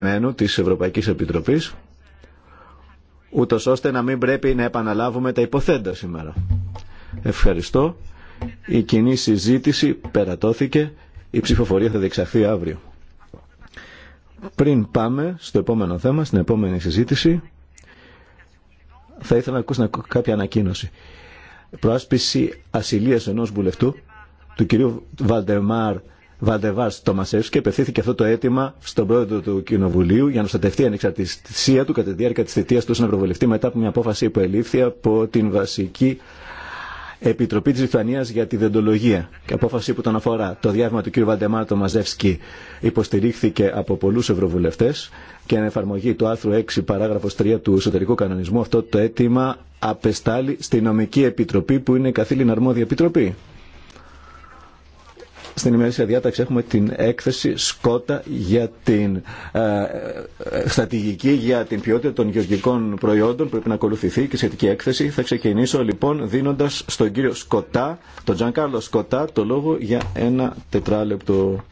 κειμένου της Ευρωπαϊκής Επιτροπής, ούτω ώστε να μην πρέπει να επαναλάβουμε τα υποθέντα σήμερα. Ευχαριστώ. Η κοινή συζήτηση περατώθηκε. Η ψηφοφορία θα διεξαχθεί αύριο. Πριν πάμε στο επόμενο θέμα, στην επόμενη συζήτηση, θα ήθελα να ακούσω κάποια ανακοίνωση. Προάσπιση ασυλίας ενός βουλευτού, του κυρίου Βαλτεμάρ Βαντεβά Τομασεύσκη και αυτό το αίτημα στον πρόεδρο του Κοινοβουλίου για να προστατευτεί η ανεξαρτησία του κατά τη διάρκεια τη θητεία του ω Ευρωβουλευτή μετά από μια απόφαση που ελήφθη από την βασική Επιτροπή τη Λιθουανία για τη Δεντολογία και απόφαση που τον αφορά. Το διάβημα του κ. Βαντεμάρ Τομαζεύσκη υποστηρίχθηκε από πολλού Ευρωβουλευτέ και εν εφαρμογή του άρθρου 6 παράγραφο 3 του εσωτερικού κανονισμού αυτό το αίτημα απεστάλλει στη νομική επιτροπή που είναι καθήλυνα αρμόδια επιτροπή. Στην ημερήσια διάταξη έχουμε την έκθεση Σκότα για την ε, ε στρατηγική για την ποιότητα των γεωργικών προϊόντων. Πρέπει να ακολουθηθεί και σχετική έκθεση. Θα ξεκινήσω λοιπόν δίνοντα στον κύριο Σκοτά, τον Τζαν Κάρλο Σκοτά, το λόγο για ένα τετράλεπτο.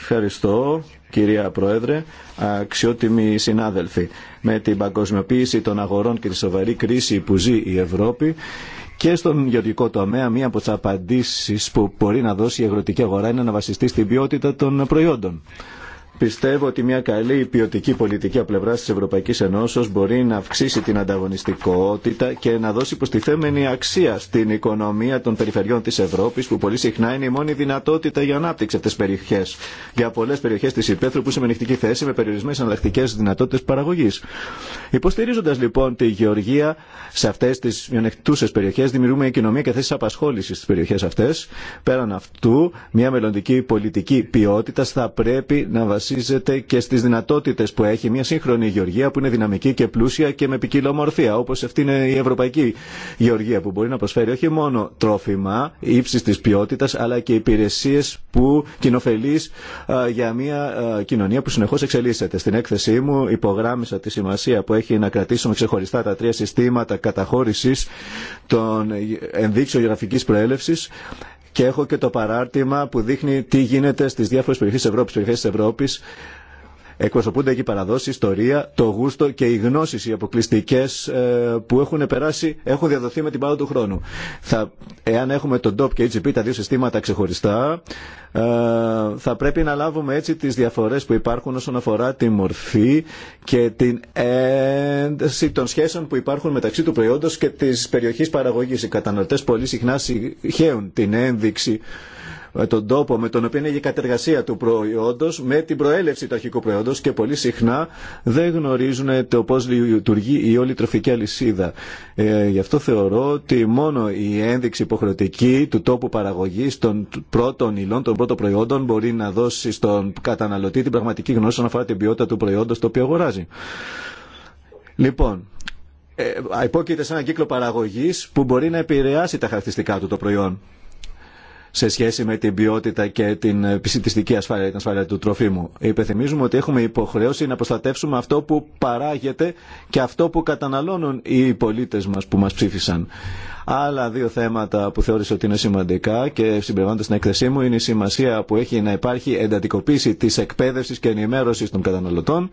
Ευχαριστώ κυρία Πρόεδρε, αξιότιμοι συνάδελφοι. Με την παγκοσμιοποίηση των αγορών και τη σοβαρή κρίση που ζει η Ευρώπη, και στον γεωργικό τομέα, μία από τι απαντήσει που μπορεί να δώσει η αγροτική αγορά είναι να βασιστεί στην ποιότητα των προϊόντων. Πιστεύω ότι μια καλή ποιοτική πολιτική από πλευρά τη Ευρωπαϊκή Ενώσεω μπορεί να αυξήσει την ανταγωνιστικότητα και να δώσει προστιθέμενη αξία στην οικονομία των περιφερειών τη Ευρώπη, που πολύ συχνά είναι η μόνη δυνατότητα για ανάπτυξη αυτέ τι περιοχέ. Για πολλέ περιοχέ τη Υπέθρου που είναι με νυχτική θέση, με περιορισμένε εναλλακτικέ δυνατότητε παραγωγή. Υποστηρίζοντα λοιπόν τη γεωργία σε αυτέ τι μειονεκτούσε περιοχέ, δημιουργούμε οικονομία και θέσει απασχόληση στι περιοχέ αυτέ. Πέραν αυτού, μια μελλοντική πολιτική ποιότητα θα πρέπει να βασίζεται βασίζεται και στι δυνατότητε που έχει μια σύγχρονη γεωργία που είναι δυναμική και πλούσια και με ποικιλομορφία όπω αυτή είναι η ευρωπαϊκή γεωργία που μπορεί να προσφέρει όχι μόνο τρόφιμα ύψης της ποιότητας αλλά και υπηρεσίε που κοινοφελείς για μια κοινωνία που συνεχώ εξελίσσεται. Στην έκθεσή μου υπογράμμισα τη σημασία που έχει να κρατήσουμε ξεχωριστά τα τρία συστήματα καταχώρηση των ενδείξεων γεωγραφική προέλευση και έχω και το παράρτημα που δείχνει τι γίνεται στις διάφορες περιοχές της Ευρώπης, περιοχές Εκπροσωπούνται εκεί παραδόσει, ιστορία, το γούστο και οι γνώσει οι αποκλειστικέ ε, που έχουν περάσει, έχουν διαδοθεί με την πάροδο του χρόνου. Θα, εάν έχουμε τον DOP και HGP, τα δύο συστήματα ξεχωριστά, ε, θα πρέπει να λάβουμε έτσι τι διαφορέ που υπάρχουν όσον αφορά τη μορφή και την ένταση των σχέσεων που υπάρχουν μεταξύ του προϊόντο και τη περιοχή παραγωγή. Οι καταναλωτέ πολύ συχνά συγχαίουν την ένδειξη ε, τον τόπο με τον οποίο είναι η κατεργασία του προϊόντο με την προέλευση του αρχικού προϊόντο και πολύ συχνά δεν γνωρίζουν το πώ λειτουργεί η όλη τροφική αλυσίδα. Ε, γι' αυτό θεωρώ ότι μόνο η ένδειξη υποχρεωτική του τόπου παραγωγή των πρώτων υλών, των πρώτων προϊόντων μπορεί να δώσει στον καταναλωτή την πραγματική γνώση όσον αφορά την ποιότητα του προϊόντος το οποίο αγοράζει. Λοιπόν, ε, υπόκειται σε έναν κύκλο παραγωγής που μπορεί να επηρεάσει τα χαρακτηριστικά του το προϊόν σε σχέση με την ποιότητα και την πιστιστική ε, ασφάλεια, την ασφάλεια του τροφίμου. Υπενθυμίζουμε ότι έχουμε υποχρέωση να προστατεύσουμε αυτό που παράγεται και αυτό που καταναλώνουν οι πολίτε μα που μα ψήφισαν. Άλλα δύο θέματα που θεώρησα ότι είναι σημαντικά και συμπεριλαμβάνονται στην έκθεσή μου είναι η σημασία που έχει να υπάρχει εντατικοποίηση τη εκπαίδευση και ενημέρωση των καταναλωτών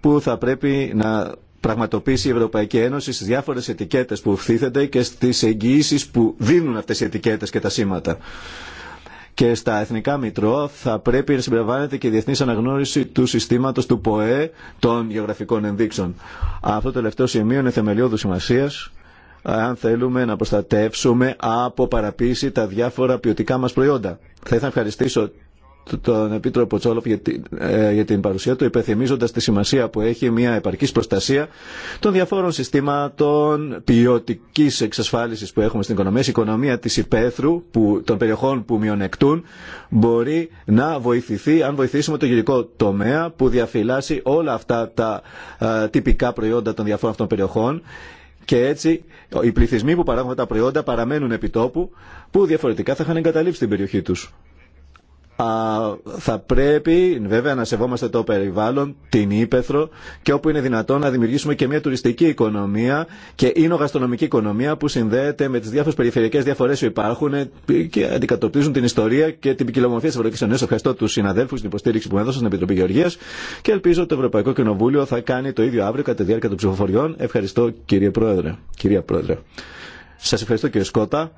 που θα πρέπει να πραγματοποιήσει η Ευρωπαϊκή Ένωση στις διάφορες ετικέτες που φθήθενται και στις εγγυήσει που δίνουν αυτές οι ετικέτες και τα σήματα. Και στα εθνικά μητρώα θα πρέπει να συμπεριλαμβάνεται και η διεθνή αναγνώριση του συστήματο του ΠΟΕ των γεωγραφικών ενδείξεων. Αυτό το τελευταίο σημείο είναι θεμελιώδου σημασία αν θέλουμε να προστατεύσουμε από παραποίηση τα διάφορα ποιοτικά μας προϊόντα. Θα ήθελα να ευχαριστήσω τον Επίτροπο Τσόλοφ για την, ε, για την παρουσία του, υπενθυμίζοντα τη σημασία που έχει μια επαρκή προστασία των διαφόρων συστήματων ποιοτική εξασφάλιση που έχουμε στην οικονομία. Η οικονομία τη υπαίθρου που, των περιοχών που μειονεκτούν μπορεί να βοηθηθεί αν βοηθήσουμε το γενικό τομέα που διαφυλάσσει όλα αυτά τα ε, τυπικά προϊόντα των διαφόρων αυτών περιοχών και έτσι οι πληθυσμοί που παράγουν τα προϊόντα παραμένουν επιτόπου που διαφορετικά θα είχαν εγκαταλείψει την περιοχή τους θα πρέπει βέβαια να σεβόμαστε το περιβάλλον, την ύπεθρο και όπου είναι δυνατόν να δημιουργήσουμε και μια τουριστική οικονομία και είναι γαστρονομική οικονομία που συνδέεται με τι διάφορε περιφερειακέ διαφορέ που υπάρχουν και αντικατοπτρίζουν την ιστορία και την ποικιλομορφία τη Ευρωπαϊκή Ενέση. Ευχαριστώ του συναδέλφου την υποστήριξη που μου έδωσαν στην Επιτροπή Γεωργία και ελπίζω ότι το Ευρωπαϊκό Κοινοβούλιο θα κάνει το ίδιο αύριο κατά τη διάρκεια των ψηφοφοριών. Ευχαριστώ κύριε Πρόεδρε. Κυρία Πρόεδρε. ευχαριστώ κύριε Σκότα.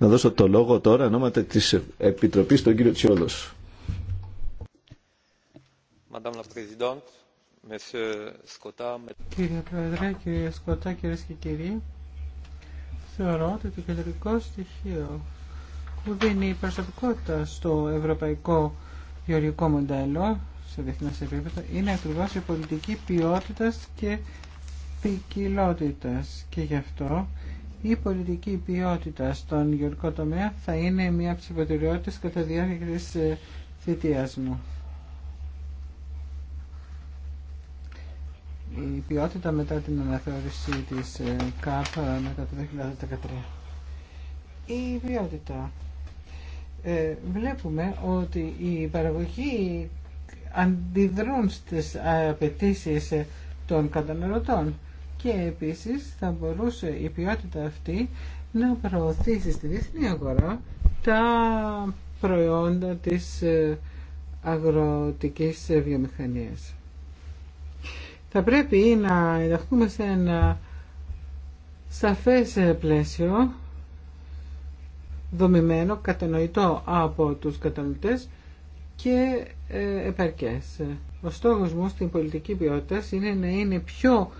Να δώσω το λόγο τώρα ονόματα της Επιτροπής στον κύριο Τσιόλος. Κύριε Πρόεδρε, κύριε Σκοτά, κυρίε και κύριοι, θεωρώ ότι το κεντρικό στοιχείο που δίνει προσωπικότητα στο ευρωπαϊκό γεωργικό μοντέλο σε διεθνές επίπεδο είναι ακριβώς η πολιτική ποιότητας και ποικιλότητας και γι' αυτό η πολιτική ποιότητα στον γεωργικό τομέα θα είναι μία από τις κατά διάρκεια της ε, θητείας μου. Η ποιότητα μετά την αναθεώρηση της ε, ΚΑΠ ε, μετά το 2013. Η ποιότητα. βλέπουμε ότι οι παραγωγοί αντιδρούν στις απαιτήσει των καταναλωτών και επίσης θα μπορούσε η ποιότητα αυτή να προωθήσει στη διεθνή αγορά τα προϊόντα της ε, αγροτικής ε, βιομηχανίας. Θα πρέπει να ενταχθούμε σε ένα σαφές ε, πλαίσιο δομημένο, κατανοητό από τους κατανοητές και επαρκές. Ο στόχος μου στην πολιτική ποιότητα είναι να είναι πιο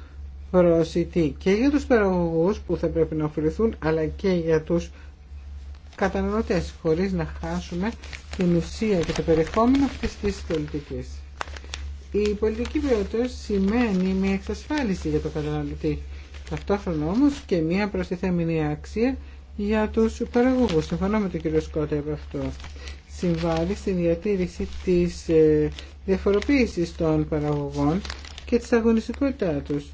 προσιτή και για τους παραγωγούς που θα πρέπει να ωφεληθούν αλλά και για τους καταναλωτές χωρίς να χάσουμε την ουσία και το περιεχόμενο αυτής της πολιτικής. Η πολιτική ποιότητα σημαίνει μια εξασφάλιση για το καταναλωτή. Ταυτόχρονα όμως και μια προστιθέμενη αξία για τους παραγωγούς. Συμφωνώ με τον κύριο Σκότα από αυτό. Συμβάλλει στην διατήρηση της ε, διαφοροποίησης των παραγωγών και της αγωνιστικότητά τους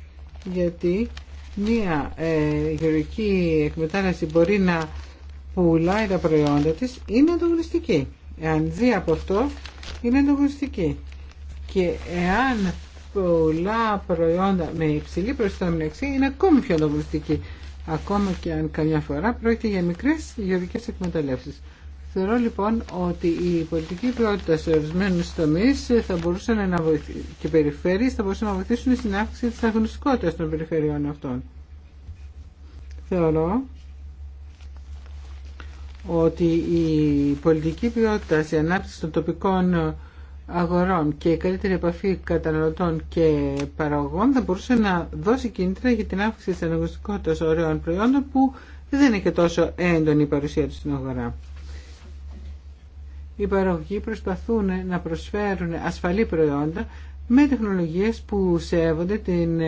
γιατί μία ε, γεωργική εκμετάλλευση μπορεί να πουλάει τα προϊόντα της είναι ανταγωνιστική. Εάν δει από αυτό είναι ανταγωνιστική. Και εάν πολλά προϊόντα με υψηλή προστάμενη αξία είναι ακόμη πιο ανταγωνιστική. Ακόμα και αν καμιά φορά πρόκειται για μικρές γεωργικές εκμεταλλεύσεις. Θεωρώ λοιπόν ότι η πολιτική ποιότητα σε ορισμένου τομεί θα μπορούσε να και περιφέρειε θα μπορούσαν να βοηθήσουν στην αύξηση τη αγνωστικότητα των περιφερειών αυτών. Θεωρώ ότι η πολιτική ποιότητα, η ανάπτυξη των τοπικών αγορών και η καλύτερη επαφή καταναλωτών και παραγωγών θα μπορούσε να δώσει κίνητρα για την αύξηση της αναγνωστικότητας ωραίων προϊόντων που δεν είναι και τόσο έντονη η παρουσία του στην αγορά οι παραγωγοί προσπαθούν να προσφέρουν ασφαλή προϊόντα με τεχνολογίες που σέβονται την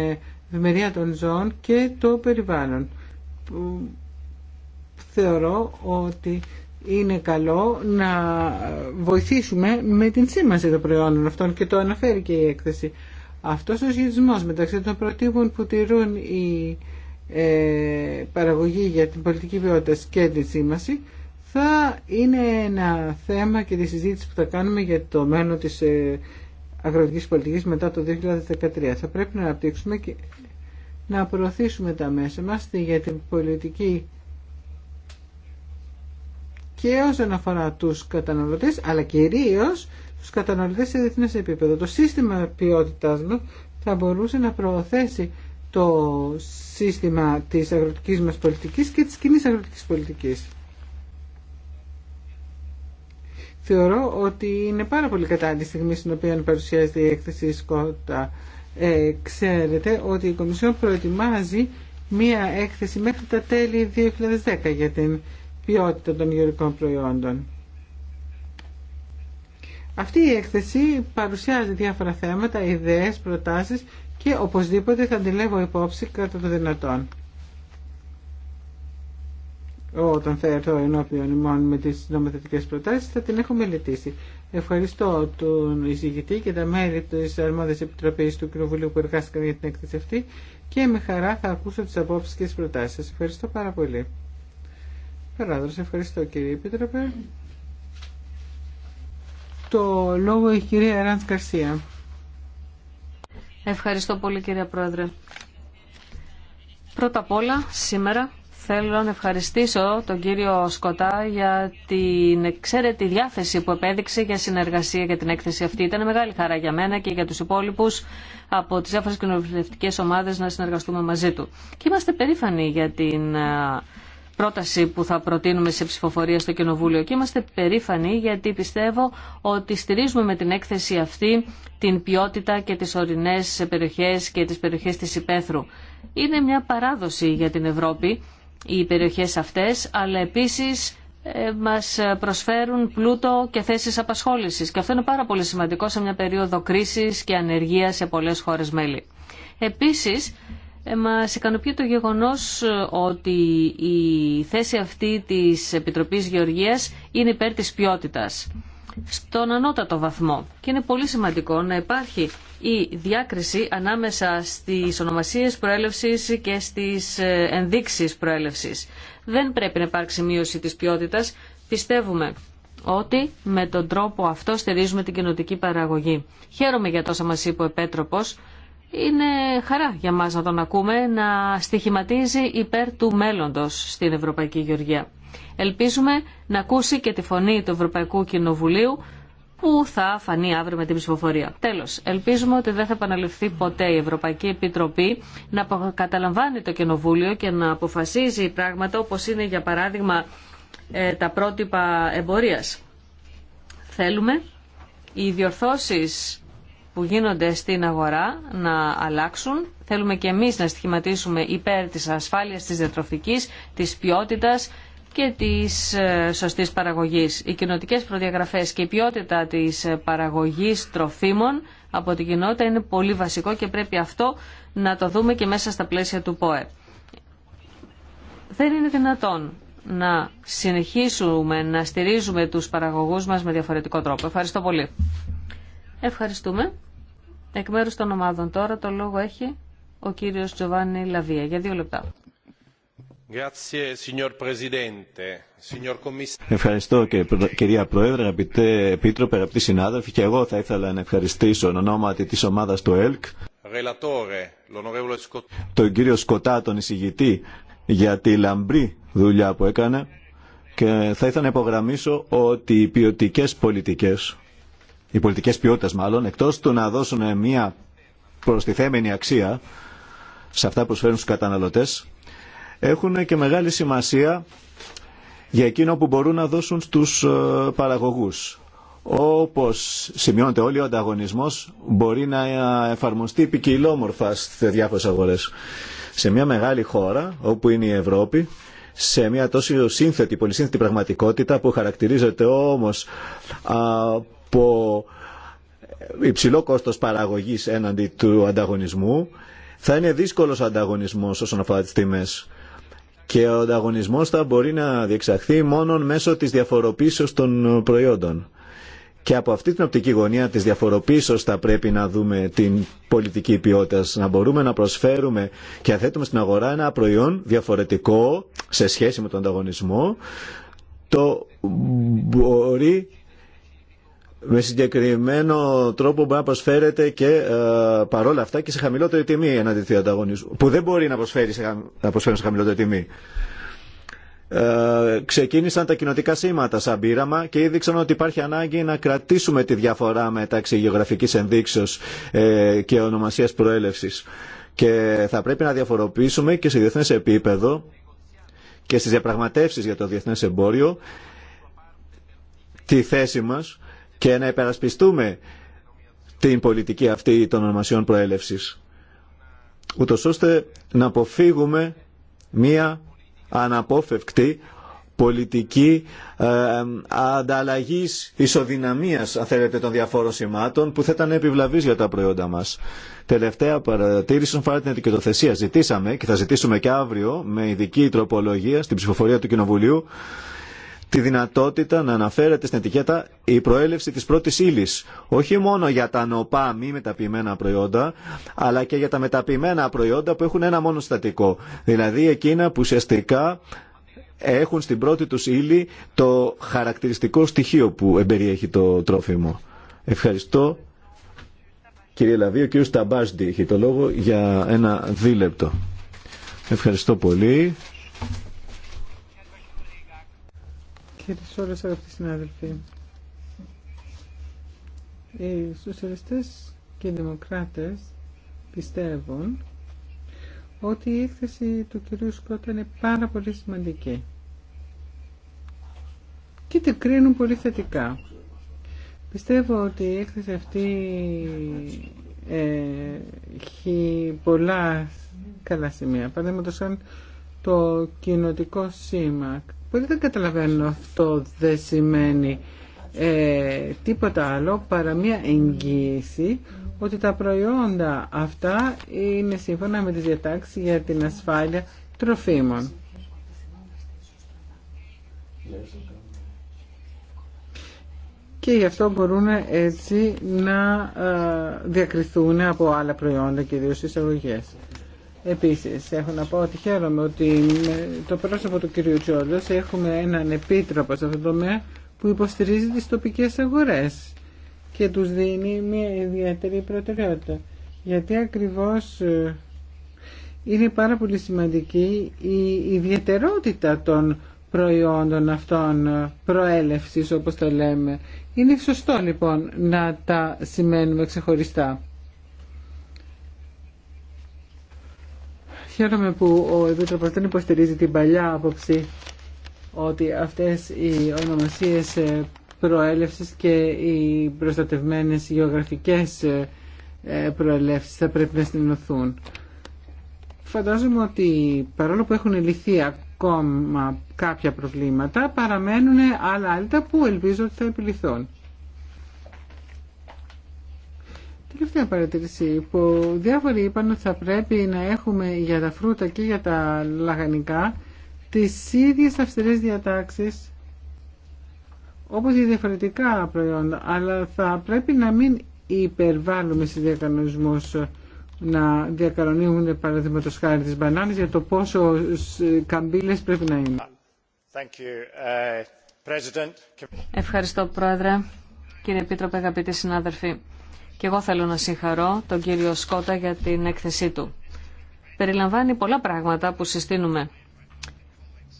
ευημερία των ζώων και το περιβάλλον. Θεωρώ ότι είναι καλό να βοηθήσουμε με την σήμανση των προϊόντων αυτών και το αναφέρει και η έκθεση. Αυτός ο σχετισμός μεταξύ των προτύπων που τηρούν οι ε, παραγωγή για την πολιτική ποιότητα και την σήμανση θα είναι ένα θέμα και τη συζήτηση που θα κάνουμε για το μέλλον της ε, αγροτικής πολιτικής μετά το 2013. Θα πρέπει να αναπτύξουμε και να προωθήσουμε τα μέσα μας για την πολιτική και όσον αφορά τους καταναλωτές, αλλά κυρίως τους καταναλωτές σε διεθνές επίπεδο. Το σύστημα ποιότητάς μα θα μπορούσε να προωθήσει το σύστημα της αγροτικής μας πολιτικής και της κοινής αγροτικής πολιτικής. Θεωρώ ότι είναι πάρα πολύ κατάλληλη στιγμή στην οποία παρουσιάζεται η έκθεση Σκότα. Ε, ξέρετε ότι η Κομισιόν προετοιμάζει μία έκθεση μέχρι τα τέλη 2010 για την ποιότητα των γεωρικών προϊόντων. Αυτή η έκθεση παρουσιάζει διάφορα θέματα, ιδέες, προτάσεις και οπωσδήποτε θα αντιλέγω υπόψη κατά το δυνατόν όταν θα έρθω ενώπιον ημών με τις νομοθετικές προτάσεις θα την έχω μελετήσει. Ευχαριστώ τον εισηγητή και τα μέλη της Αρμόδιας Επιτροπής του Κοινοβουλίου που εργάστηκαν για την έκθεση αυτή και με χαρά θα ακούσω τις απόψεις και τις προτάσεις σας. Ευχαριστώ πάρα πολύ. Παράδρος, ευχαριστώ κύριε Επίτροπε. Το λόγο η κυρία Ραντ Καρσία. Ευχαριστώ πολύ κύριε Πρόεδρε. Πρώτα απ' όλα σήμερα Θέλω να ευχαριστήσω τον κύριο Σκοτά για την εξαίρετη διάθεση που επέδειξε για συνεργασία για την έκθεση αυτή. Ήταν μεγάλη χαρά για μένα και για τους υπόλοιπους από τις διάφορες κοινοβουλευτικές ομάδες να συνεργαστούμε μαζί του. Και είμαστε περήφανοι για την πρόταση που θα προτείνουμε σε ψηφοφορία στο Κοινοβούλιο και είμαστε περήφανοι γιατί πιστεύω ότι στηρίζουμε με την έκθεση αυτή την ποιότητα και τις ορεινές περιοχές και τις περιοχές της Υπέθρου. Είναι μια παράδοση για την Ευρώπη οι περιοχές αυτές, αλλά επίσης ε, μας προσφέρουν πλούτο και θέσεις απασχόλησης. Και αυτό είναι πάρα πολύ σημαντικό σε μια περίοδο κρίσης και ανεργίας σε πολλές χώρες μέλη. Επίσης, ε, μας ικανοποιεί το γεγονός ε, ότι η θέση αυτή της Επιτροπής Γεωργίας είναι υπέρ της ποιότητας στον ανώτατο βαθμό. Και είναι πολύ σημαντικό να υπάρχει η διάκριση ανάμεσα στις ονομασίες προέλευσης και στις ε, ενδείξεις προέλευσης. Δεν πρέπει να υπάρξει μείωση της ποιότητας. Πιστεύουμε ότι με τον τρόπο αυτό στηρίζουμε την κοινωτική παραγωγή. Χαίρομαι για τόσα μας είπε ο Επέτροπος. Είναι χαρά για μας να τον ακούμε να στοιχηματίζει υπέρ του μέλλοντος στην Ευρωπαϊκή Γεωργία. Ελπίζουμε να ακούσει και τη φωνή του Ευρωπαϊκού Κοινοβουλίου που θα φανεί αύριο με την ψηφοφορία. Τέλο, ελπίζουμε ότι δεν θα επαναληφθεί ποτέ η Ευρωπαϊκή Επιτροπή να καταλαμβάνει το Κοινοβούλιο και να αποφασίζει πράγματα όπω είναι για παράδειγμα ε, τα πρότυπα εμπορία. Θέλουμε οι διορθώσει που γίνονται στην αγορά να αλλάξουν. Θέλουμε και εμείς να στοιχηματίσουμε υπέρ της ασφάλειας της διατροφικής, της ποιότητας, και της ε, σωστής παραγωγής. Οι κοινοτικές προδιαγραφές και η ποιότητα της ε, παραγωγής τροφίμων από την κοινότητα είναι πολύ βασικό και πρέπει αυτό να το δούμε και μέσα στα πλαίσια του ΠΟΕ. Δεν είναι δυνατόν να συνεχίσουμε να στηρίζουμε τους παραγωγούς μας με διαφορετικό τρόπο. Ευχαριστώ πολύ. Ευχαριστούμε. Εκ μέρους των ομάδων τώρα το λόγο έχει ο κύριος Τζοβάνι Λαβία για δύο λεπτά. Ευχαριστώ και κυρία Πρόεδρε, αγαπητέ Επίτροπε, αγαπητοί συνάδελφοι και εγώ θα ήθελα να ευχαριστήσω εν ονόματι της ομάδας του ΕΛΚ τον κύριο Σκοτά, τον εισηγητή για τη λαμπρή δουλειά που έκανε και θα ήθελα να υπογραμμίσω ότι οι ποιοτικέ πολιτικές οι πολιτικές ποιότητες μάλλον εκτός του να δώσουν μια προστιθέμενη αξία σε αυτά που προσφέρουν στους καταναλωτές έχουν και μεγάλη σημασία για εκείνο που μπορούν να δώσουν στους ε, παραγωγούς. Όπως σημειώνεται όλοι, ο ανταγωνισμός μπορεί να ε, εφαρμοστεί ποικιλόμορφα σε διάφορες αγορές. Σε μια μεγάλη χώρα, όπου είναι η Ευρώπη, σε μια τόσο σύνθετη, πολυσύνθετη πραγματικότητα που χαρακτηρίζεται όμως από υψηλό κόστος παραγωγής έναντι του ανταγωνισμού, θα είναι δύσκολος ο ανταγωνισμός όσον αφορά τις τιμές και ο ανταγωνισμό θα μπορεί να διεξαχθεί μόνο μέσω της διαφοροποίησης των προϊόντων. Και από αυτή την οπτική γωνία της διαφοροποίησης θα πρέπει να δούμε την πολιτική ποιότητα, να μπορούμε να προσφέρουμε και να θέτουμε στην αγορά ένα προϊόν διαφορετικό σε σχέση με τον ανταγωνισμό, το μπορεί με συγκεκριμένο τρόπο μπορεί να προσφέρεται και ε, παρόλα αυτά και σε χαμηλότερη τιμή εναντί του ανταγωνισμού. Που δεν μπορεί να προσφέρει σε, να προσφέρει σε χαμηλότερη τιμή. Ε, ξεκίνησαν τα κοινοτικά σήματα σαν πείραμα και είδηξαν ότι υπάρχει ανάγκη να κρατήσουμε τη διαφορά μεταξύ γεωγραφικής ενδείξεως ε, και ονομασίας προέλευσης. Και θα πρέπει να διαφοροποιήσουμε και σε διεθνές επίπεδο και στις διαπραγματεύσεις για το διεθνές εμπόριο τη θέση μας και να υπερασπιστούμε την πολιτική αυτή των ονομασιών προέλευσης. Ούτως ώστε να αποφύγουμε μία αναπόφευκτη πολιτική ε, ανταλλαγής ισοδυναμίας αν θέλετε των διαφόρων σημάτων που θα ήταν επιβλαβής για τα προϊόντα μας. Τελευταία παρατήρηση όσον αφορά την Ζητήσαμε και θα ζητήσουμε και αύριο με ειδική τροπολογία στην ψηφοφορία του Κοινοβουλίου τη δυνατότητα να αναφέρεται στην ετικέτα η προέλευση της πρώτης ύλη. Όχι μόνο για τα νοπά μη μεταποιημένα προϊόντα, αλλά και για τα μεταποιημένα προϊόντα που έχουν ένα μόνο στατικό. Δηλαδή εκείνα που ουσιαστικά έχουν στην πρώτη τους ύλη το χαρακτηριστικό στοιχείο που εμπεριέχει το τρόφιμο. Ευχαριστώ. Κύριε Λαβή, ο κύριος Ταμπάζντι έχει το λόγο για ένα δίλεπτο. Ευχαριστώ πολύ. Έχετε σε όλες αγαπητοί συνάδελφοι. Οι σοσιαλιστές και οι δημοκράτες πιστεύουν ότι η έκθεση του κυρίου Σκότα είναι πάρα πολύ σημαντική και την κρίνουν πολύ θετικά. Πιστεύω ότι η έκθεση αυτή ε, έχει πολλά καλά σημεία. Παραδείγματος αν το κοινοτικό σήμα. Πολύ δεν καταλαβαίνω αυτό δεν σημαίνει ε, τίποτα άλλο παρά μια εγγύηση ότι τα προϊόντα αυτά είναι σύμφωνα με τις διατάξεις για την ασφάλεια τροφίμων. Και γι' αυτό μπορούν έτσι να ε, διακριθούν από άλλα προϊόντα, και κυρίως εισαγωγές. Επίσης, έχω να πω ότι χαίρομαι ότι με το πρόσωπο του κυρίου Τσόλο έχουμε έναν επίτροπο σε αυτό το τομέα που υποστηρίζει τις τοπικές αγορές και τους δίνει μια ιδιαίτερη προτεραιότητα. Γιατί ακριβώς ε, είναι πάρα πολύ σημαντική η ιδιαιτερότητα των προϊόντων αυτών ε, προέλευσης όπως το λέμε. Είναι σωστό λοιπόν να τα σημαίνουμε ξεχωριστά. Χαίρομαι που ο Επίτροπος δεν υποστηρίζει την παλιά άποψη ότι αυτές οι ονομασίες ε, προέλευσης και οι προστατευμένες γεωγραφικές ε, ε, προελεύσει θα πρέπει να συνενωθούν. Φαντάζομαι ότι παρόλο που έχουν λυθεί ακόμα κάποια προβλήματα παραμένουν άλλα άλυτα που ελπίζω ότι θα επιληθούν. Τελευταία παρατήρηση που διάφοροι είπαν ότι θα πρέπει να έχουμε για τα φρούτα και για τα λαχανικά τις ίδιες αυστηρές διατάξεις όπως οι διαφορετικά προϊόντα αλλά θα πρέπει να μην υπερβάλλουμε σε διακανονισμούς να διακανονίζουν το χάρη τις μπανάνες για το πόσο καμπύλες πρέπει να είναι. Uh, Ευχαριστώ Πρόεδρε. Κύριε Επίτροπε, αγαπητοί συνάδελφοι. Και εγώ θέλω να συγχαρώ τον κύριο Σκότα για την έκθεσή του. Περιλαμβάνει πολλά πράγματα που συστήνουμε.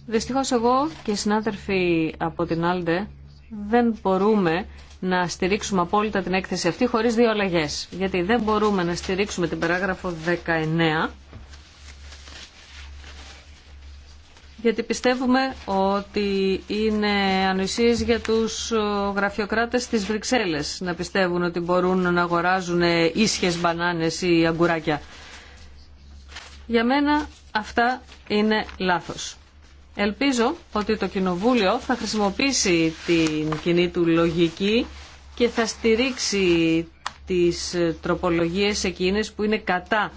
Δυστυχώς εγώ και οι συνάδελφοι από την Άλντε δεν μπορούμε να στηρίξουμε απόλυτα την έκθεση αυτή χωρίς δύο αλλαγές. Γιατί δεν μπορούμε να στηρίξουμε την παράγραφο 19 γιατί πιστεύουμε ότι είναι ανοησίες για τους γραφειοκράτες της Βρυξέλλες να πιστεύουν ότι μπορούν να αγοράζουν ίσχες μπανάνες ή αγκουράκια. Για μένα αυτά είναι λάθος. Ελπίζω ότι το Κοινοβούλιο θα χρησιμοποιήσει την κοινή του λογική και θα στηρίξει τις τροπολογίες εκείνες που είναι κατά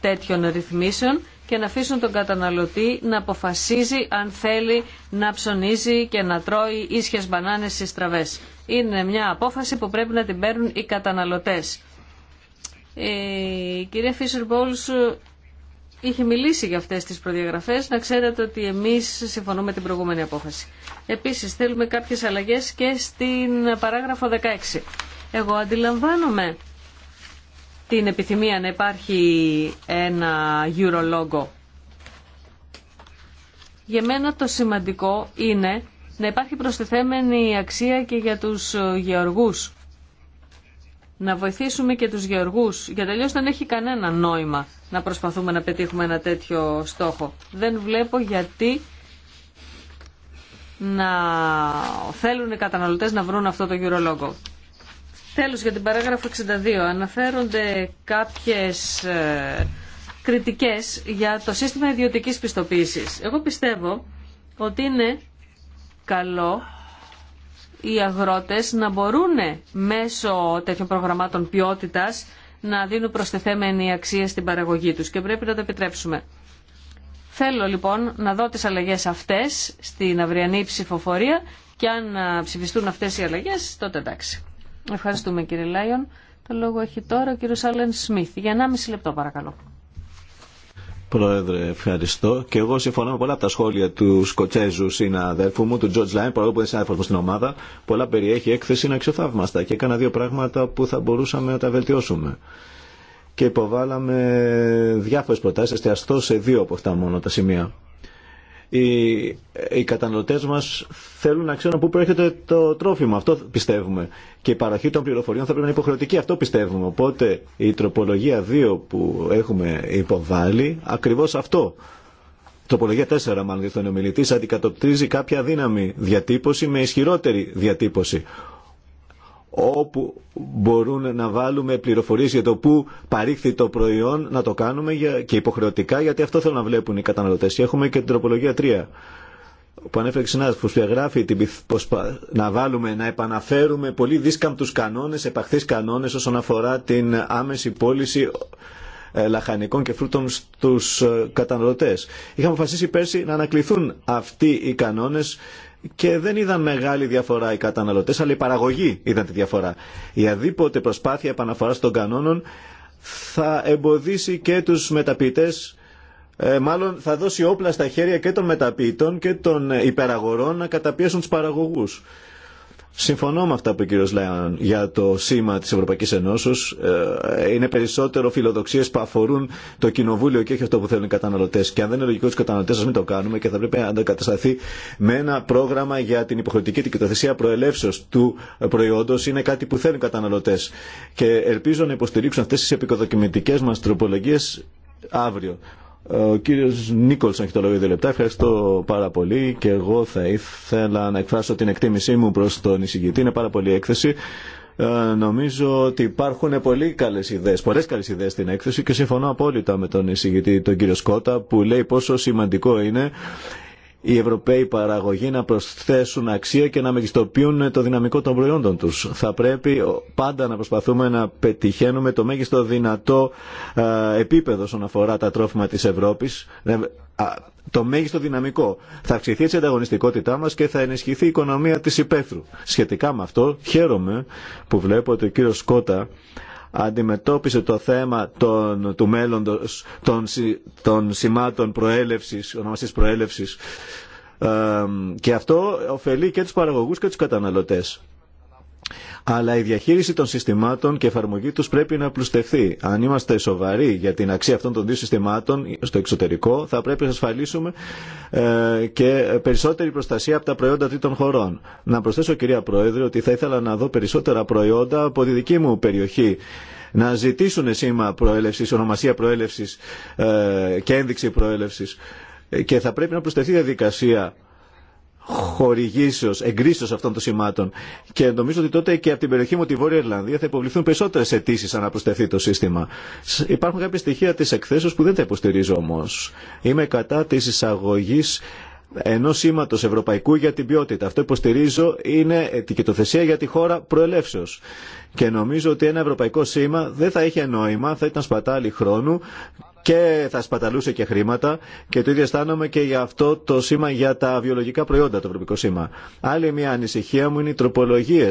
τέτοιων ρυθμίσεων και να αφήσουν τον καταναλωτή να αποφασίζει αν θέλει να ψωνίζει και να τρώει ίσχες μπανάνες στις τραβές. Είναι μια απόφαση που πρέπει να την παίρνουν οι καταναλωτές. Ε, η κυρία Φίσερ Μπόλς είχε μιλήσει για αυτές τις προδιαγραφές. Να ξέρετε ότι εμείς συμφωνούμε την προηγούμενη απόφαση. Επίσης θέλουμε κάποιες αλλαγές και στην παράγραφο 16. Εγώ αντιλαμβάνομαι την επιθυμία να υπάρχει ένα γιουρολόγο. Για μένα το σημαντικό είναι να υπάρχει προστιθέμενη αξία και για τους γεωργούς. Να βοηθήσουμε και τους γεωργούς, γιατί αλλιώ δεν έχει κανένα νόημα να προσπαθούμε να πετύχουμε ένα τέτοιο στόχο. Δεν βλέπω γιατί να θέλουν οι καταναλωτές να βρουν αυτό το γυρολόγο. Τέλος για την παράγραφο 62. Αναφέρονται κάποιες ε, κριτικές για το σύστημα ιδιωτικής πιστοποίησης. Εγώ πιστεύω ότι είναι καλό οι αγρότες να μπορούν μέσω τέτοιων προγραμμάτων ποιότητας να δίνουν προστεθέμενη αξία στην παραγωγή τους και πρέπει να το επιτρέψουμε. Θέλω λοιπόν να δω τις αλλαγές αυτές στην αυριανή ψηφοφορία και αν ε, ψηφιστούν αυτές οι αλλαγές τότε εντάξει. Ευχαριστούμε κύριε Λάιον. Το λόγο έχει τώρα ο κύριος Άλεν Σμιθ. Για 1,5 λεπτό παρακαλώ. Πρόεδρε, ευχαριστώ. Και εγώ συμφωνώ με πολλά από τα σχόλια του Σκοτσέζου συναδέλφου μου, του George Λάιν, παρόλο που δεν συνάδελφο στην ομάδα. Πολλά περιέχει έκθεση, είναι αξιοθαύμαστα και έκανα δύο πράγματα που θα μπορούσαμε να τα βελτιώσουμε. Και υποβάλαμε διάφορε προτάσει, εστιαστώ σε δύο από αυτά μόνο τα σημεία οι, οι καταναλωτές μας θέλουν να ξέρουν πού προέρχεται το τρόφιμο. Αυτό πιστεύουμε. Και η παροχή των πληροφοριών θα πρέπει να είναι υποχρεωτική. Αυτό πιστεύουμε. Οπότε η τροπολογία 2 που έχουμε υποβάλει, ακριβώς αυτό. Τροπολογία 4 μάλλον, για τον ομιλητή, αντικατοπτρίζει κάποια δύναμη διατύπωση με ισχυρότερη διατύπωση όπου μπορούν να βάλουμε πληροφορίες για το πού παρήχθη το προϊόν, να το κάνουμε και υποχρεωτικά, γιατί αυτό θέλουν να βλέπουν οι καταναλωτές. Έχουμε και την τροπολογία 3 που ανέφερε συνάδελφο που γράφει να βάλουμε, να επαναφέρουμε πολύ δίσκαμπτους κανόνες, επαχθείς κανόνες όσον αφορά την άμεση πώληση ε, λαχανικών και φρούτων στους ε, καταναλωτές. Είχαμε αποφασίσει πέρσι να ανακληθούν αυτοί οι κανόνες και δεν είδαν μεγάλη διαφορά οι καταναλωτές, αλλά η παραγωγή είδαν τη διαφορά. Η αδίποτε προσπάθεια επαναφοράς των κανόνων θα εμποδίσει και τους μεταποιητές, ε, μάλλον θα δώσει όπλα στα χέρια και των μεταποιητών και των υπεραγορών να καταπιέσουν τους παραγωγούς. Συμφωνώ με αυτά που ο κύριος Λέων για το σήμα τη Ευρωπαϊκή Ενώσεω, ε, Είναι περισσότερο φιλοδοξίε που αφορούν το κοινοβούλιο και όχι αυτό που θέλουν οι καταναλωτές. Και αν δεν είναι λογικό του καταναλωτές, ας μην το κάνουμε και θα πρέπει να αντακατασταθεί με ένα πρόγραμμα για την υποχρεωτική δικαιοθεσία προελεύσεως του προϊόντο Είναι κάτι που θέλουν οι καταναλωτές. Και ελπίζω να υποστηρίξουν αυτέ τι επικοδοκιμητικέ μα τροπολογίε αύριο. Ο κύριο Νίκολσον έχει το λόγο δύο λεπτά. Ευχαριστώ πάρα πολύ και εγώ θα ήθελα να εκφράσω την εκτίμησή μου προς τον εισηγητή. Είναι πάρα πολύ έκθεση. Ε, νομίζω ότι υπάρχουν πολύ καλε ιδέε, πολλές καλές ιδέες στην έκθεση και συμφωνώ απόλυτα με τον εισηγητή τον κύριο Σκότα που λέει πόσο σημαντικό είναι οι Ευρωπαίοι παραγωγοί να προσθέσουν αξία και να μεγιστοποιούν το δυναμικό των προϊόντων τους. Θα πρέπει πάντα να προσπαθούμε να πετυχαίνουμε το μέγιστο δυνατό επίπεδο όσον αφορά τα τρόφιμα της Ευρώπης, ε, το μέγιστο δυναμικό. Θα αυξηθεί η ανταγωνιστικότητά μας και θα ενισχυθεί η οικονομία της υπαίθρου. Σχετικά με αυτό χαίρομαι που βλέπω ότι ο κύριος Σκότα αντιμετώπισε το θέμα των, του μέλλοντος των, των σημάτων προέλευσης, ονομασίας προέλευσης ε, και αυτό ωφελεί και τους παραγωγούς και τους καταναλωτές αλλά η διαχείριση των συστημάτων και εφαρμογή του πρέπει να πλουστευτεί. Αν είμαστε σοβαροί για την αξία αυτών των δύο συστημάτων στο εξωτερικό, θα πρέπει να ασφαλίσουμε ε, και περισσότερη προστασία από τα προϊόντα τρίτων χωρών. Να προσθέσω, κυρία Πρόεδρε, ότι θα ήθελα να δω περισσότερα προϊόντα από τη δική μου περιοχή να ζητήσουν σήμα πρόελευση, ονομασία προέλευσης ε, και ένδειξη προέλευση ε, Και θα πρέπει να προσθεθεί διαδικασία χορηγήσεως, εγκρίσεως αυτών των σημάτων. Και νομίζω ότι τότε και από την περιοχή μου τη Βόρεια Ιρλανδία θα υποβληθούν περισσότερες αιτήσει αν απλουστευτεί το σύστημα. Υπάρχουν κάποια στοιχεία της εκθέσεως που δεν τα υποστηρίζω όμω. Είμαι κατά της εισαγωγή ενό σήματο ευρωπαϊκού για την ποιότητα. Αυτό υποστηρίζω είναι ετικετοθεσία για τη χώρα προελεύσεω. Και νομίζω ότι ένα ευρωπαϊκό σήμα δεν θα είχε νόημα, θα ήταν σπατάλη χρόνου και θα σπαταλούσε και χρήματα και το ίδιο αισθάνομαι και για αυτό το σήμα για τα βιολογικά προϊόντα, το ευρωπαϊκό σήμα. Άλλη μια ανησυχία μου είναι οι τροπολογίε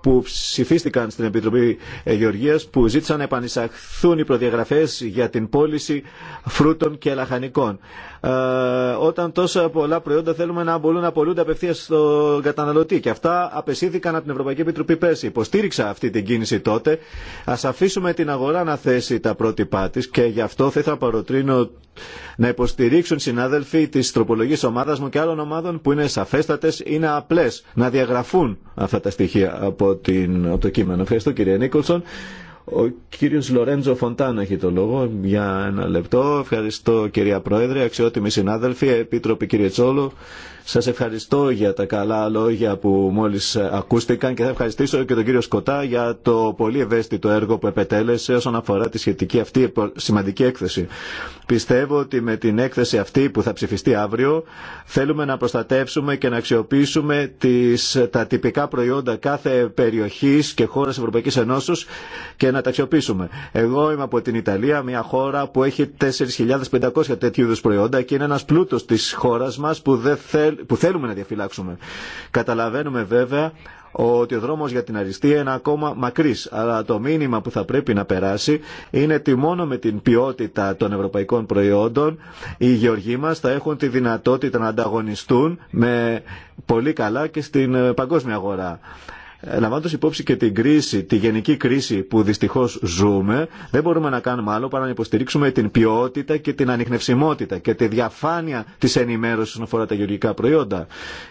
που ψηφίστηκαν στην Επιτροπή ε, γεωργία που ζήτησαν να επανεισαχθούν οι προδιαγραφέ για την πώληση φρούτων και λαχανικών. Ε, όταν τόσα πολλά προϊόντα θέλουμε να μπορούν να απολούνται απευθεία στον καταναλωτή. Και αυτά απεσύθηκαν από την Ευρωπαϊκή Επιτροπή πέρσι. Υποστήριξα αυτή την κίνηση τότε. Α αφήσουμε την αγορά να θέσει τα πρότυπά τη και γι' αυτό θα ήθελα να παροτρύνω να υποστηρίξουν συνάδελφοι τη τροπολογική ομάδα μου και άλλων ομάδων που είναι σαφέστατε, είναι απλέ, να διαγραφούν αυτά τα στοιχεία από, την, από το κείμενο. Ευχαριστώ κύριε Νίκολσον. Ο κύριος Λορέντζο Φοντάνο έχει το λόγο για ένα λεπτό. Ευχαριστώ κυρία Πρόεδρε, αξιότιμοι συνάδελφοι, επίτροποι κύριε Τσόλου. Σας ευχαριστώ για τα καλά λόγια που μόλις ακούστηκαν και θα ευχαριστήσω και τον κύριο Σκοτά για το πολύ ευαίσθητο έργο που επετέλεσε όσον αφορά τη σχετική αυτή σημαντική έκθεση. Πιστεύω ότι με την έκθεση αυτή που θα ψηφιστεί αύριο θέλουμε να προστατεύσουμε και να αξιοποιήσουμε τις, τα τυπικά προϊόντα κάθε περιοχής και χώρας Ευρωπαϊκής Ενώσεω και να τα αξιοποιήσουμε. Εγώ είμαι από την Ιταλία, μια χώρα που έχει 4.500 τέτοιου είδου προϊόντα και είναι ένας πλούτος της χώρας μας που δεν, θέλ, που θέλουμε να διαφυλάξουμε. Καταλαβαίνουμε βέβαια ότι ο δρόμος για την αριστεία είναι ακόμα μακρύς, αλλά το μήνυμα που θα πρέπει να περάσει είναι ότι μόνο με την ποιότητα των ευρωπαϊκών προϊόντων οι γεωργοί μας θα έχουν τη δυνατότητα να ανταγωνιστούν με πολύ καλά και στην ε, παγκόσμια αγορά. Ε, λαμβάνοντα υπόψη και την κρίση, τη γενική κρίση που δυστυχώ ζούμε, δεν μπορούμε να κάνουμε άλλο παρά να υποστηρίξουμε την ποιότητα και την ανιχνευσιμότητα και τη διαφάνεια τη ενημέρωση όσον αφορά τα γεωργικά προϊόντα.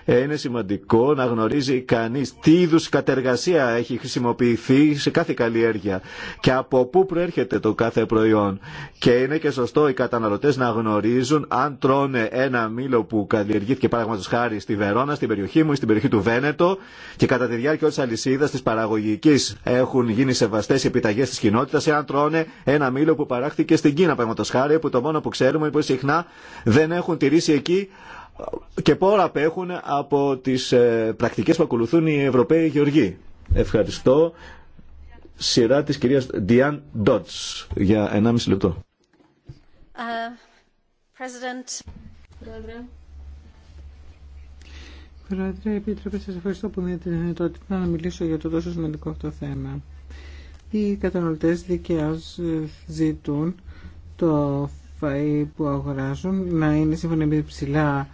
Ε, είναι σημαντικό να γνωρίζει κανεί τι είδου κατεργασία έχει χρησιμοποιηθεί σε κάθε καλλιέργεια και από πού προέρχεται το κάθε προϊόν. Και είναι και σωστό οι καταναλωτέ να γνωρίζουν αν τρώνε ένα μήλο που καλλιεργήθηκε παραδείγματο χάρη στη Βερόνα, στην περιοχή μου ή στην περιοχή του Βένετο και κατά τη διάρκεια αλυσίδα τη παραγωγική έχουν γίνει σεβαστέ οι επιταγέ τη κοινότητα, εάν τρώνε ένα μήλο που παράχθηκε στην Κίνα, παραδείγματο χάρη, που το μόνο που ξέρουμε είναι πω συχνά δεν έχουν τηρήσει εκεί και πόρα απέχουν από τι ε, πρακτικέ που ακολουθούν οι Ευρωπαίοι γεωργοί. Ευχαριστώ. Σειρά τη κυρία Διάν Ντότ για 1,5 λεπτό. Uh, President... Πρόεδρε, Επίτροπε, σα ευχαριστώ που δίνετε την δυνατότητα να μιλήσω για το τόσο σημαντικό αυτό θέμα. Οι καταναλωτές δικαίω ζητούν το φαΐ που αγοράζουν να είναι σύμφωνα με ψηλά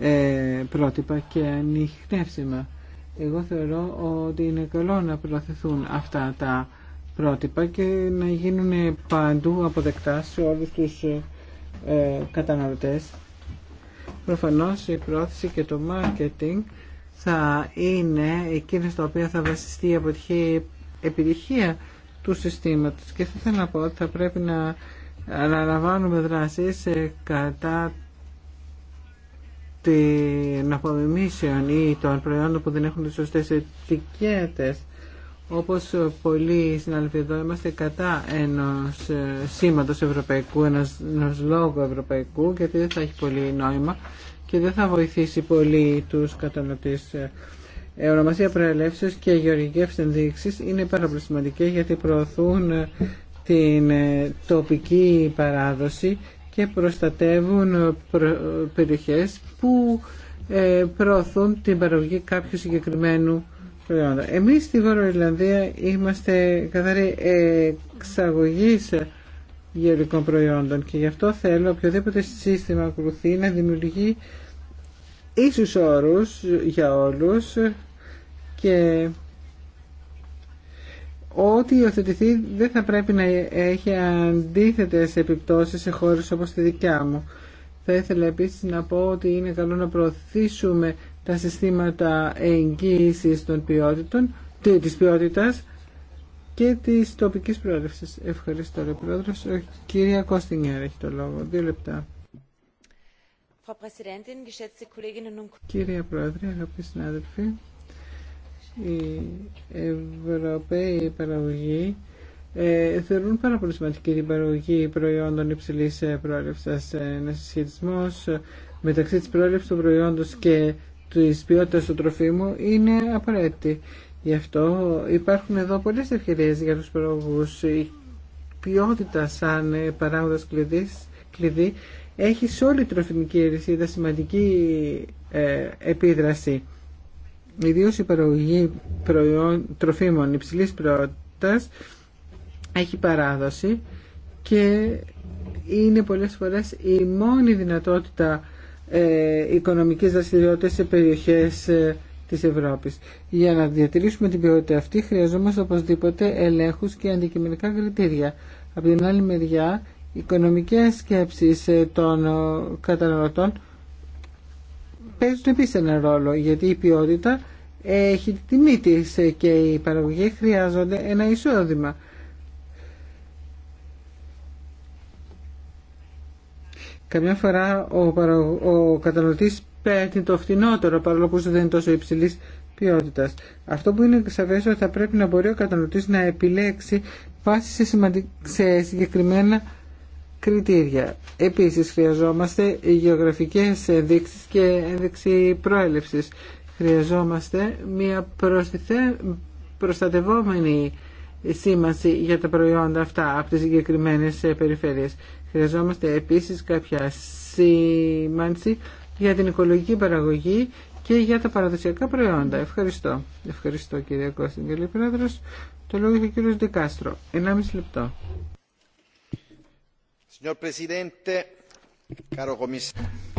ε, πρότυπα και ανοιχνεύσιμα. Εγώ θεωρώ ότι είναι καλό να προωθηθούν αυτά τα πρότυπα και να γίνουν παντού αποδεκτά σε όλους τους ε, καταναλωτές προφανώς η πρόθεση και το marketing θα είναι εκείνη τα οποία θα βασιστεί η αποτυχία, επιτυχία του συστήματος και θα ήθελα να πω ότι θα πρέπει να αναλαμβάνουμε δράσεις κατά την απομιμήσεων ή των προϊόντων που δεν έχουν τις σωστές ετικέτες όπως πολλοί συνάδελφοι εδώ είμαστε κατά ενός ε, σήματος ευρωπαϊκού, ενός, ενός λόγου ευρωπαϊκού γιατί δεν θα έχει πολύ νόημα και δεν θα βοηθήσει πολύ τους κατανοτής. Ε, ονομασία προελεύσεως και γεωργικές ενδείξεις είναι πάρα πολύ γιατί προωθούν ε, την ε, τοπική παράδοση και προστατεύουν περιοχές που προωθούν την παραγωγή κάποιου συγκεκριμένου προϊόντα. Εμείς στη Βόρεια Ιρλανδία είμαστε καθαρή εξαγωγή γεωργικών προϊόντων και γι' αυτό θέλω οποιοδήποτε σύστημα ακολουθεί να δημιουργεί ίσους όρους για όλους και ό,τι υιοθετηθεί δεν θα πρέπει να έχει αντίθετες επιπτώσεις σε χώρες όπως τη δικιά μου. Θα ήθελα επίσης να πω ότι είναι καλό να προωθήσουμε τα συστήματα εγγύησης των ποιότητων, της ποιότητας και της τοπικής πρόεδρευση. Ευχαριστώ, ρε Πρόεδρος. κυρία Κώστινγκερ έχει το λόγο. Δύο λεπτά. Κύριε Πρόεδρε, αγαπητοί συνάδελφοι, οι Ευρωπαίοι παραγωγοί ε, θεωρούν πάρα πολύ σημαντική την παραγωγή προϊόντων υψηλή ε, πρόεδρευση. Ένα συσχετισμό μεταξύ τη πρόεδρευση των προϊόντων και της ποιότητας του τροφίμου είναι απαραίτητη. Γι' αυτό υπάρχουν εδώ πολλές ευκαιρίες για τους παραγωγούς. Η ποιότητα σαν ε, παράγοντας κλειδί, έχει σε όλη την τροφιμική σημαντική ε, επίδραση. Ιδίως η παραγωγή προϊόν, τροφίμων υψηλής ποιότητας έχει παράδοση και είναι πολλές φορές η μόνη δυνατότητα ε, οικονομικές δραστηριότητες σε περιοχές ε, της Ευρώπης. Για να διατηρήσουμε την ποιότητα αυτή χρειαζόμαστε οπωσδήποτε ελέγχους και αντικειμενικά κριτήρια. Από την άλλη μεριά, οι οικονομικές σκέψεις ε, των ε, καταναλωτών παίζουν επίσης ένα ρόλο, γιατί η ποιότητα έχει τη τιμή της και οι παραγωγοί χρειάζονται ένα εισόδημα. Καμιά φορά ο, ο παίρνει το φθηνότερο, παρόλο που δεν είναι τόσο υψηλή ποιότητας. Αυτό που είναι σαφές ότι θα πρέπει να μπορεί ο καταναλωτή να επιλέξει βάσει σε, συγκεκριμένα κριτήρια. Επίσης χρειαζόμαστε γεωγραφικές ενδείξεις και ένδειξη προέλευσης. Χρειαζόμαστε μια προστιθε... προστατευόμενη σήμανση για τα προϊόντα αυτά από τις συγκεκριμένες περιφέρειες. Χρειαζόμαστε επίσης κάποια σήμανση για την οικολογική παραγωγή και για τα παραδοσιακά προϊόντα. Ευχαριστώ. Ευχαριστώ κύριε κύριε Πρόεδρος. Το λόγο έχει ο κύριος Δικάστρο. 1,5 λεπτό.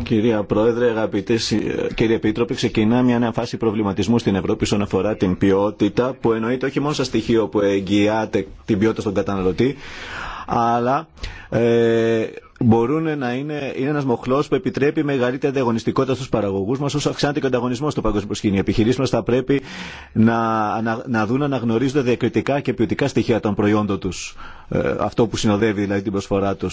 Κυρία Πρόεδρε, αγαπητέ κύριε Επίτροπε, ξεκινά μια νέα φάση προβληματισμού στην Ευρώπη όσον αφορά την ποιότητα, που εννοείται όχι μόνο σαν στοιχείο που εγγυάται την ποιότητα στον καταναλωτή, αλλά ε, μπορούν να είναι, είναι ένα μοχλό που επιτρέπει μεγαλύτερη ανταγωνιστικότητα στου παραγωγού μα, όσο αυξάνεται και ο ανταγωνισμό στο παγκόσμιο σκηνή. Οι επιχειρήσει μα θα πρέπει να, να, να δουν να αναγνωρίζονται διακριτικά και ποιοτικά στοιχεία των προϊόντων του, ε, αυτό που συνοδεύει δηλαδή την προσφορά του.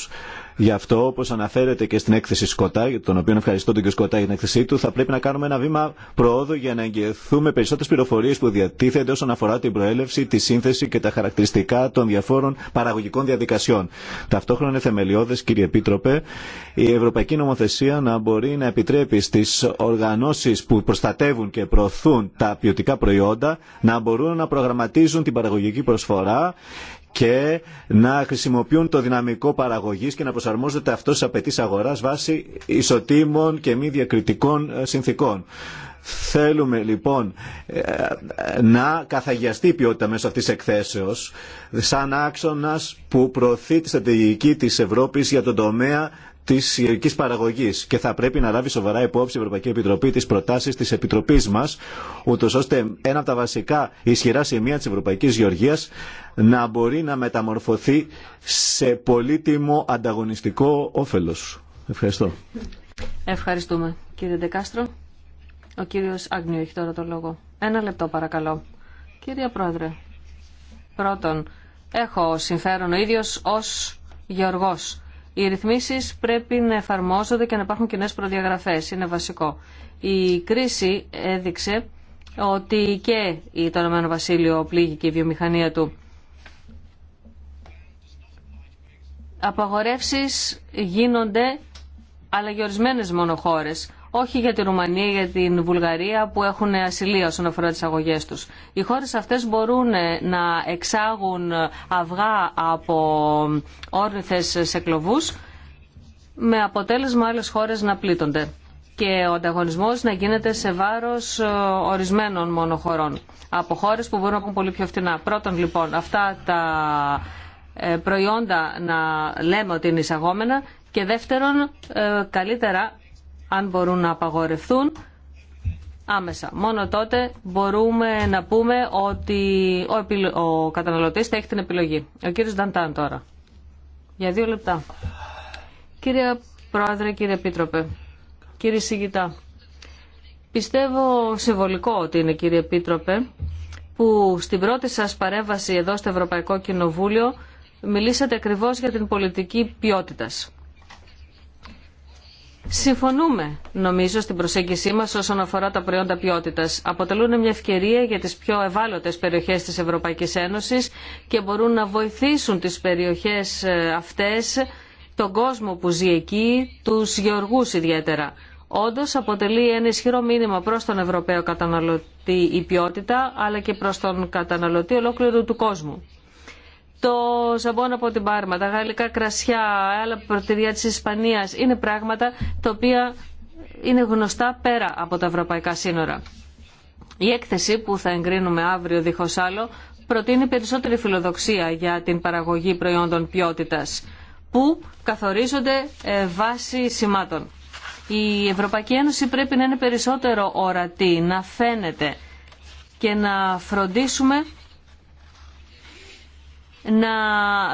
Γι' αυτό, όπω αναφέρεται και στην έκθεση Σκοτά, τον οποίο ευχαριστώ τον κ. Σκοτά για την έκθεσή του, θα πρέπει να κάνουμε ένα βήμα προόδου για να εγγυηθούμε περισσότερε πληροφορίε που διατίθενται όσον αφορά την προέλευση, τη σύνθεση και τα χαρακτηριστικά των διαφόρων παραγωγικών διαδικασιών. Ταυτόχρονα είναι θεμελιώδε, κύριε Επίτροπε, η Ευρωπαϊκή Νομοθεσία να μπορεί να επιτρέπει στι οργανώσει που προστατεύουν και προωθούν τα ποιοτικά προϊόντα να μπορούν να προγραμματίζουν την παραγωγική προσφορά και να χρησιμοποιούν το δυναμικό παραγωγής και να προσαρμόζεται αυτό στις απαιτήσεις αγοράς βάσει ισοτήμων και μη διακριτικών ε, συνθήκων. Θέλουμε λοιπόν ε, ε, να καθαγιαστεί η ποιότητα μέσω αυτής της εκθέσεως σαν άξονας που προωθεί τη στρατηγική της Ευρώπης για τον τομέα τη ιερική παραγωγής και θα πρέπει να λάβει σοβαρά υπόψη η Ευρωπαϊκή Επιτροπή τι προτάσεις τη Επιτροπής μας ούτω ώστε ένα από τα βασικά ισχυρά σημεία τη Ευρωπαϊκής Γεωργίας να μπορεί να μεταμορφωθεί σε πολύτιμο ανταγωνιστικό όφελος. Ευχαριστώ. Ευχαριστούμε. Κύριε Ντεκάστρο, ο κύριος Άγνιου έχει τώρα το λόγο. Ένα λεπτό παρακαλώ. Κύριε Πρόεδρε, πρώτον, έχω συμφέρον ο ίδιος ως Γεωργός οι ρυθμίσεις πρέπει να εφαρμόζονται και να υπάρχουν κοινέ προδιαγραφές. Είναι βασικό. Η κρίση έδειξε ότι και το Ηνωμένο Βασίλειο πλήγει η βιομηχανία του. Απαγορεύσεις γίνονται αλλά για ορισμένε μόνο χώρες όχι για τη Ρουμανία, για την Βουλγαρία που έχουν ασυλία όσον αφορά τις αγωγές τους. Οι χώρες αυτές μπορούν να εξάγουν αυγά από όρνηθες σε κλοβούς με αποτέλεσμα άλλες χώρες να πλήττονται και ο ανταγωνισμός να γίνεται σε βάρος ε, ορισμένων μόνο χωρών από χώρες που μπορούν να πούν πολύ πιο φτηνά. Πρώτον λοιπόν αυτά τα ε, προϊόντα να λέμε ότι είναι εισαγόμενα και δεύτερον ε, καλύτερα αν μπορούν να απαγορευτούν άμεσα. Μόνο τότε μπορούμε να πούμε ότι ο καταναλωτής θα έχει την επιλογή. Ο κύριος Νταντάν τώρα. Για δύο λεπτά. Κύριε Πρόεδρε, κύριε Επίτροπε, κύριε Σιγητά, πιστεύω συμβολικό ότι είναι κύριε Επίτροπε που στην πρώτη σας παρέμβαση εδώ στο Ευρωπαϊκό Κοινοβούλιο μιλήσατε ακριβώς για την πολιτική ποιότητας. Συμφωνούμε, νομίζω, στην προσέγγιση μα όσον αφορά τα προϊόντα ποιότητα. Αποτελούν μια ευκαιρία για τις πιο ευάλωτε περιοχές της Ευρωπαϊκής Ένωσης και μπορούν να βοηθήσουν τις περιοχές ε, αυτές, τον κόσμο που ζει εκεί, τους γεωργούς ιδιαίτερα. Όντω αποτελεί ένα ισχυρό μήνυμα προς τον Ευρωπαίο καταναλωτή η ποιότητα, αλλά και προ τον καταναλωτή ολόκληρου του κόσμου το ζαμπόν από την Πάρμα, τα γαλλικά κρασιά, άλλα πρωτηριά της Ισπανίας είναι πράγματα τα οποία είναι γνωστά πέρα από τα ευρωπαϊκά σύνορα. Η έκθεση που θα εγκρίνουμε αύριο δίχως άλλο προτείνει περισσότερη φιλοδοξία για την παραγωγή προϊόντων ποιότητας που καθορίζονται ε, βάσει σημάτων. Η Ευρωπαϊκή Ένωση πρέπει να είναι περισσότερο ορατή, να φαίνεται και να φροντίσουμε να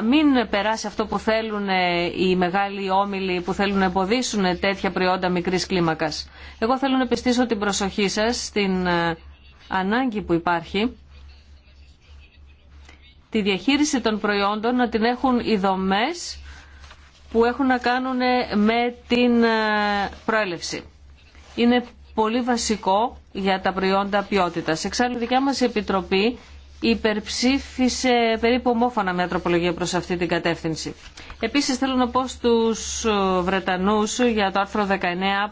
μην περάσει αυτό που θέλουν ε, οι μεγάλοι όμιλοι που θέλουν να εμποδίσουν τέτοια προϊόντα μικρής κλίμακας. Εγώ θέλω να πιστήσω την προσοχή σας στην ε, ανάγκη που υπάρχει τη διαχείριση των προϊόντων να την έχουν οι που έχουν να κάνουν ε, με την προέλευση. Είναι πολύ βασικό για τα προϊόντα ποιότητας. Εξάλλου, η δικιά Επιτροπή υπερψήφισε περίπου ομόφωνα με τροπολογία προς αυτή την κατεύθυνση. Επίσης θέλω να πω στους Βρετανούς για το άρθρο 19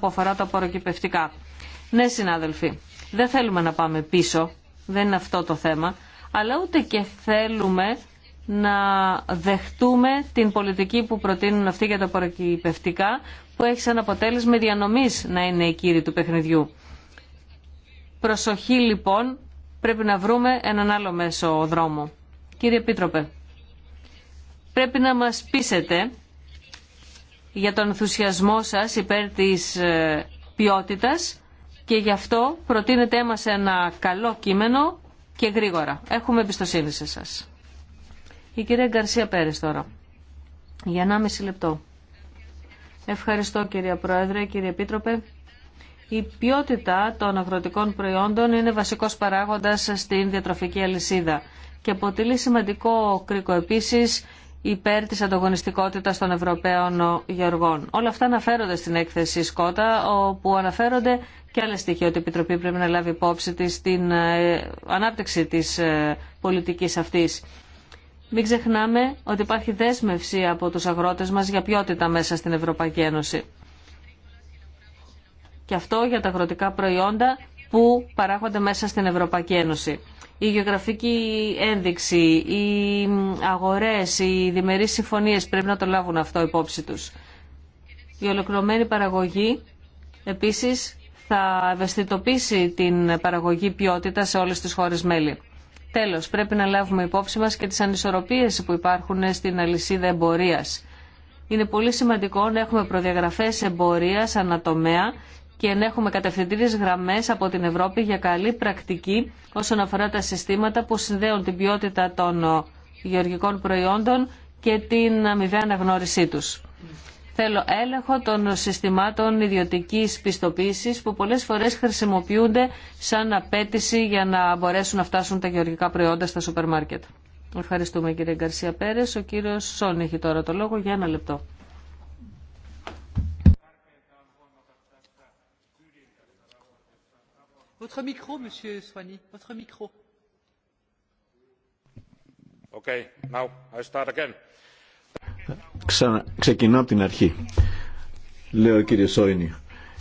που αφορά τα απορροκυπευτικά. Ναι συνάδελφοι, δεν θέλουμε να πάμε πίσω, δεν είναι αυτό το θέμα, αλλά ούτε και θέλουμε να δεχτούμε την πολιτική που προτείνουν αυτοί για τα απορροκυπευτικά που έχει σαν αποτέλεσμα διανομής να είναι η κύριοι του παιχνιδιού. Προσοχή λοιπόν πρέπει να βρούμε έναν άλλο μέσο δρόμο. Κύριε Επίτροπε, πρέπει να μας πείσετε για τον ενθουσιασμό σας υπέρ της ε, ποιότητας και γι' αυτό προτείνετε έμας ένα καλό κείμενο και γρήγορα. Έχουμε εμπιστοσύνη σε σας. Η κυρία Γκαρσία Πέρες τώρα. Για 1,5 λεπτό. Ευχαριστώ κυρία Πρόεδρε, κύριε Επίτροπε. Η ποιότητα των αγροτικών προϊόντων είναι βασικός παράγοντας στην διατροφική αλυσίδα και αποτελεί σημαντικό κρίκο επίσης υπέρ της ανταγωνιστικότητας των Ευρωπαίων γεωργών. Όλα αυτά αναφέρονται στην έκθεση Σκότα, όπου αναφέρονται και άλλα στοιχεία ότι η Επιτροπή πρέπει να λάβει υπόψη της στην ε, ανάπτυξη της ε, πολιτικής αυτής. Μην ξεχνάμε ότι υπάρχει δέσμευση από τους αγρότες μας για ποιότητα μέσα στην Ευρωπαϊκή Ένωση. Και αυτό για τα αγροτικά προϊόντα που παράγονται μέσα στην Ευρωπαϊκή Ένωση. Η γεωγραφική ένδειξη, οι αγορές, οι διμερείς συμφωνίες πρέπει να το λάβουν αυτό υπόψη τους. Η ολοκληρωμένη παραγωγή επίσης θα ευαισθητοποιήσει την παραγωγή ποιότητα σε όλες τις χώρες μέλη. Τέλος, πρέπει να λάβουμε υπόψη μας και τις ανισορροπίες που υπάρχουν στην αλυσίδα εμπορίας. Είναι πολύ σημαντικό να έχουμε προδιαγραφές εμπορίας ανατομέα και ενέχουμε κατευθυντήριε γραμμές από την Ευρώπη για καλή πρακτική όσον αφορά τα συστήματα που συνδέουν την ποιότητα των ε, γεωργικών προϊόντων και την αμοιβαία αναγνώρισή του. Θέλω έλεγχο των συστημάτων ιδιωτική πιστοποίηση που πολλές φορές χρησιμοποιούνται σαν απέτηση για να μπορέσουν να φτάσουν τα γεωργικά προϊόντα στα σούπερ μάρκετ. Ευχαριστούμε κύριε Γκαρσία Πέρες. Ο κύριος Σόν έχει τώρα το λόγο για ένα λεπτό. Votre micro, ξεκινώ από την αρχή, λέει ο κύριος Σόινι.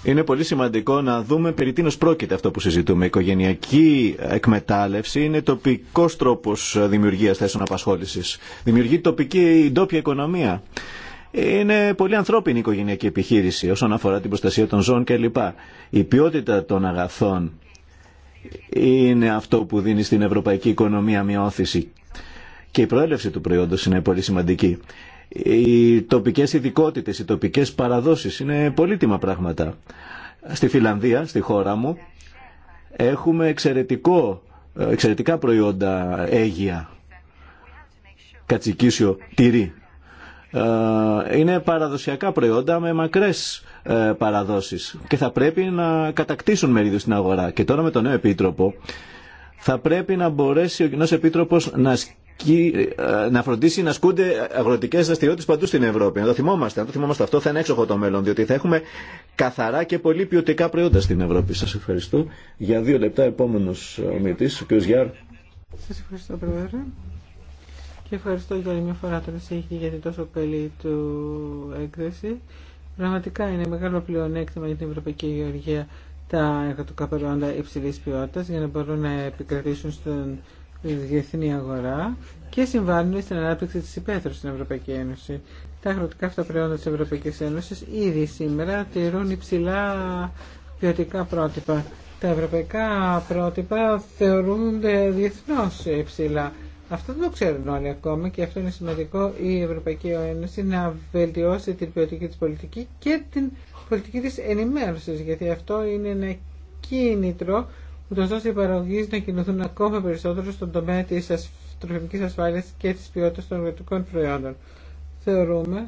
Είναι πολύ σημαντικό να δούμε περί τίνος πρόκειται αυτό που συζητούμε. Η οικογενειακή εκμετάλλευση είναι τοπικό τρόπο δημιουργία θέσεων απασχόληση. Δημιουργεί τοπική ντόπια οικονομία. Είναι πολύ ανθρώπινη η οικογενειακή επιχείρηση όσον αφορά την προστασία των ζώων κλπ. Η ποιότητα των αγαθών είναι αυτό που δίνει στην ευρωπαϊκή οικονομία μια όθηση. Και η προέλευση του προϊόντος είναι πολύ σημαντική. Οι τοπικές ειδικότητες, οι τοπικές παραδόσεις είναι πολύτιμα πράγματα. Στη Φιλανδία, στη χώρα μου, έχουμε εξαιρετικό, εξαιρετικά προϊόντα έγια, κατσικίσιο, τυρί. Ε, είναι παραδοσιακά προϊόντα με μακρές ε, παραδόσεις και θα πρέπει να κατακτήσουν μερίδιο στην αγορά. Και τώρα με τον νέο επίτροπο θα πρέπει να μπορέσει ο κοινό επίτροπος να, ε, να φροντίσει να σκούνται αγροτικές δραστηριότητες παντού στην Ευρώπη. Να το θυμόμαστε. Αν το θυμόμαστε αυτό θα είναι έξοχο το μέλλον, διότι θα έχουμε καθαρά και πολύ ποιοτικά προϊόντα στην Ευρώπη. Σας ευχαριστώ. Για δύο λεπτά επόμενος ομιλητής, ο κ. Γιάρ. Σας ευχαριστώ, Πρόεδρε. Και ευχαριστώ για άλλη μια φορά τον εισήγητη για την τόσο καλή του έκθεση. Πραγματικά είναι μεγάλο πλεονέκτημα για την Ευρωπαϊκή Γεωργία τα εργατικά προϊόντα υψηλής ποιότητας για να μπορούν να επικρατήσουν στον διεθνή αγορά και συμβάλλουν στην ανάπτυξη της υπαίθρου στην Ευρωπαϊκή Ένωση. Τα αγροτικά αυτά προϊόντα της Ευρωπαϊκής Ένωσης ήδη σήμερα τηρούν υψηλά ποιοτικά πρότυπα. Τα ευρωπαϊκά πρότυπα θεωρούνται διεθνώ υψηλά αυτό δεν το ξέρουν όλοι ακόμα και αυτό είναι σημαντικό η Ευρωπαϊκή Ένωση να βελτιώσει την ποιοτική της πολιτική και την πολιτική της ενημέρωσης γιατί αυτό είναι ένα κίνητρο που το οι παραγωγείς να κινηθούν ακόμα περισσότερο στον τομέα της τροφιμικής ασφάλειας και της ποιότητας των εργατικών προϊόντων. Θεωρούμε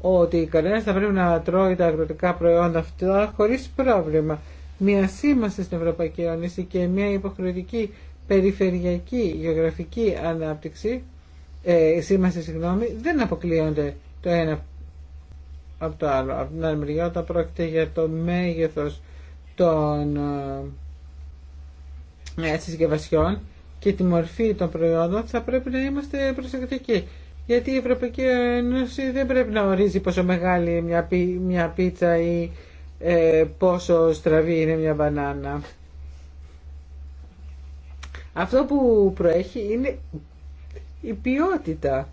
ότι κανένας θα πρέπει να τρώει τα αγροτικά προϊόντα αυτά χωρίς πρόβλημα. Μια σήμαση στην Ευρωπαϊκή Ένωση και μια υποχρεωτική περιφερειακή γεωγραφική ανάπτυξη, ε, συγγνώμη, δεν αποκλείονται το ένα από το άλλο. Από την άλλη μεριά όταν πρόκειται για το μέγεθος των ε, ε, συσκευασιών και τη μορφή των προϊόντων θα πρέπει να είμαστε προσεκτικοί. Γιατί η Ευρωπαϊκή Ένωση δεν πρέπει να ορίζει πόσο μεγάλη μια, μια πίτσα ή ε, πόσο στραβή είναι μια μπανάνα. Αυτό που προέχει είναι η ποιότητα.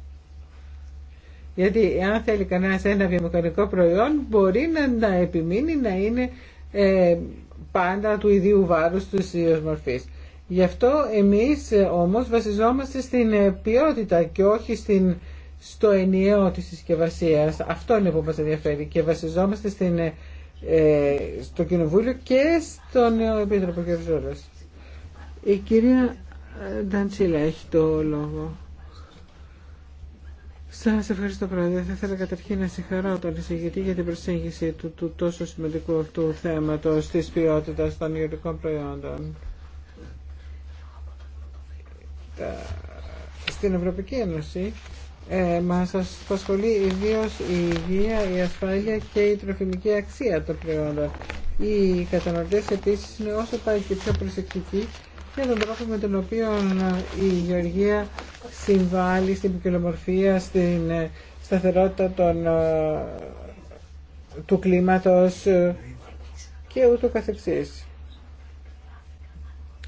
Γιατί αν θέλει κανένας ένα βιομηχανικό προϊόν μπορεί να, επιμείνει να είναι ε, πάντα του ιδίου βάρους του ίδιου μορφής. Γι' αυτό εμείς ε, όμως βασιζόμαστε στην ε, ποιότητα και όχι στην, στο ενιαίο της συσκευασία. Αυτό είναι που μας ενδιαφέρει και βασιζόμαστε στην, ε, στο Κοινοβούλιο και στον Επίτροπο κ. Η κυρία ε, Νταντσίλα έχει το λόγο. Σα ευχαριστώ πρόεδρε. Θα ήθελα καταρχήν να συγχαρώ τον εισηγητή για την προσέγγιση του, του τόσο σημαντικού αυτού θέματο τη ποιότητα των ιδιωτικών προϊόντων. Στην Ευρωπαϊκή Ένωση ε, μας απασχολεί ιδίω η υγεία, η ασφάλεια και η τροφιμική αξία των προϊόντων. Οι καταναλωτέ επίση είναι όσο πάει και πιο προσεκτικοί για τον τρόπο με τον οποίο ε, η Γεωργία συμβάλλει στην ποικιλομορφία, στην ε, σταθερότητα των, ε, του κλίματος και ούτω καθεξής.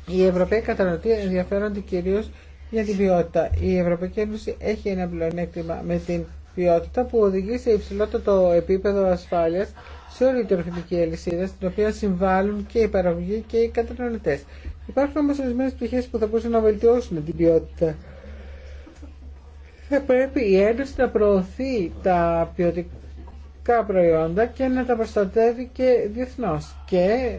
Οι Ευρωπαίοι καταναλωτέ ενδιαφέρονται κυρίως για την ποιότητα. Η Ευρωπαϊκή Ένωση έχει ένα πλεονέκτημα με την ποιότητα που οδηγεί σε υψηλότερο επίπεδο ασφάλειας σε όλη την τροφιμική αλυσίδα στην οποία συμβάλλουν και οι παραγωγοί και οι καταναλωτέ. Υπάρχουν όμως ορισμένες πτυχές που θα μπορούσαν να βελτιώσουν την ποιότητα. Θα πρέπει η Ένωση να προωθεί τα ποιοτικά προϊόντα και να τα προστατεύει και διεθνώς. Και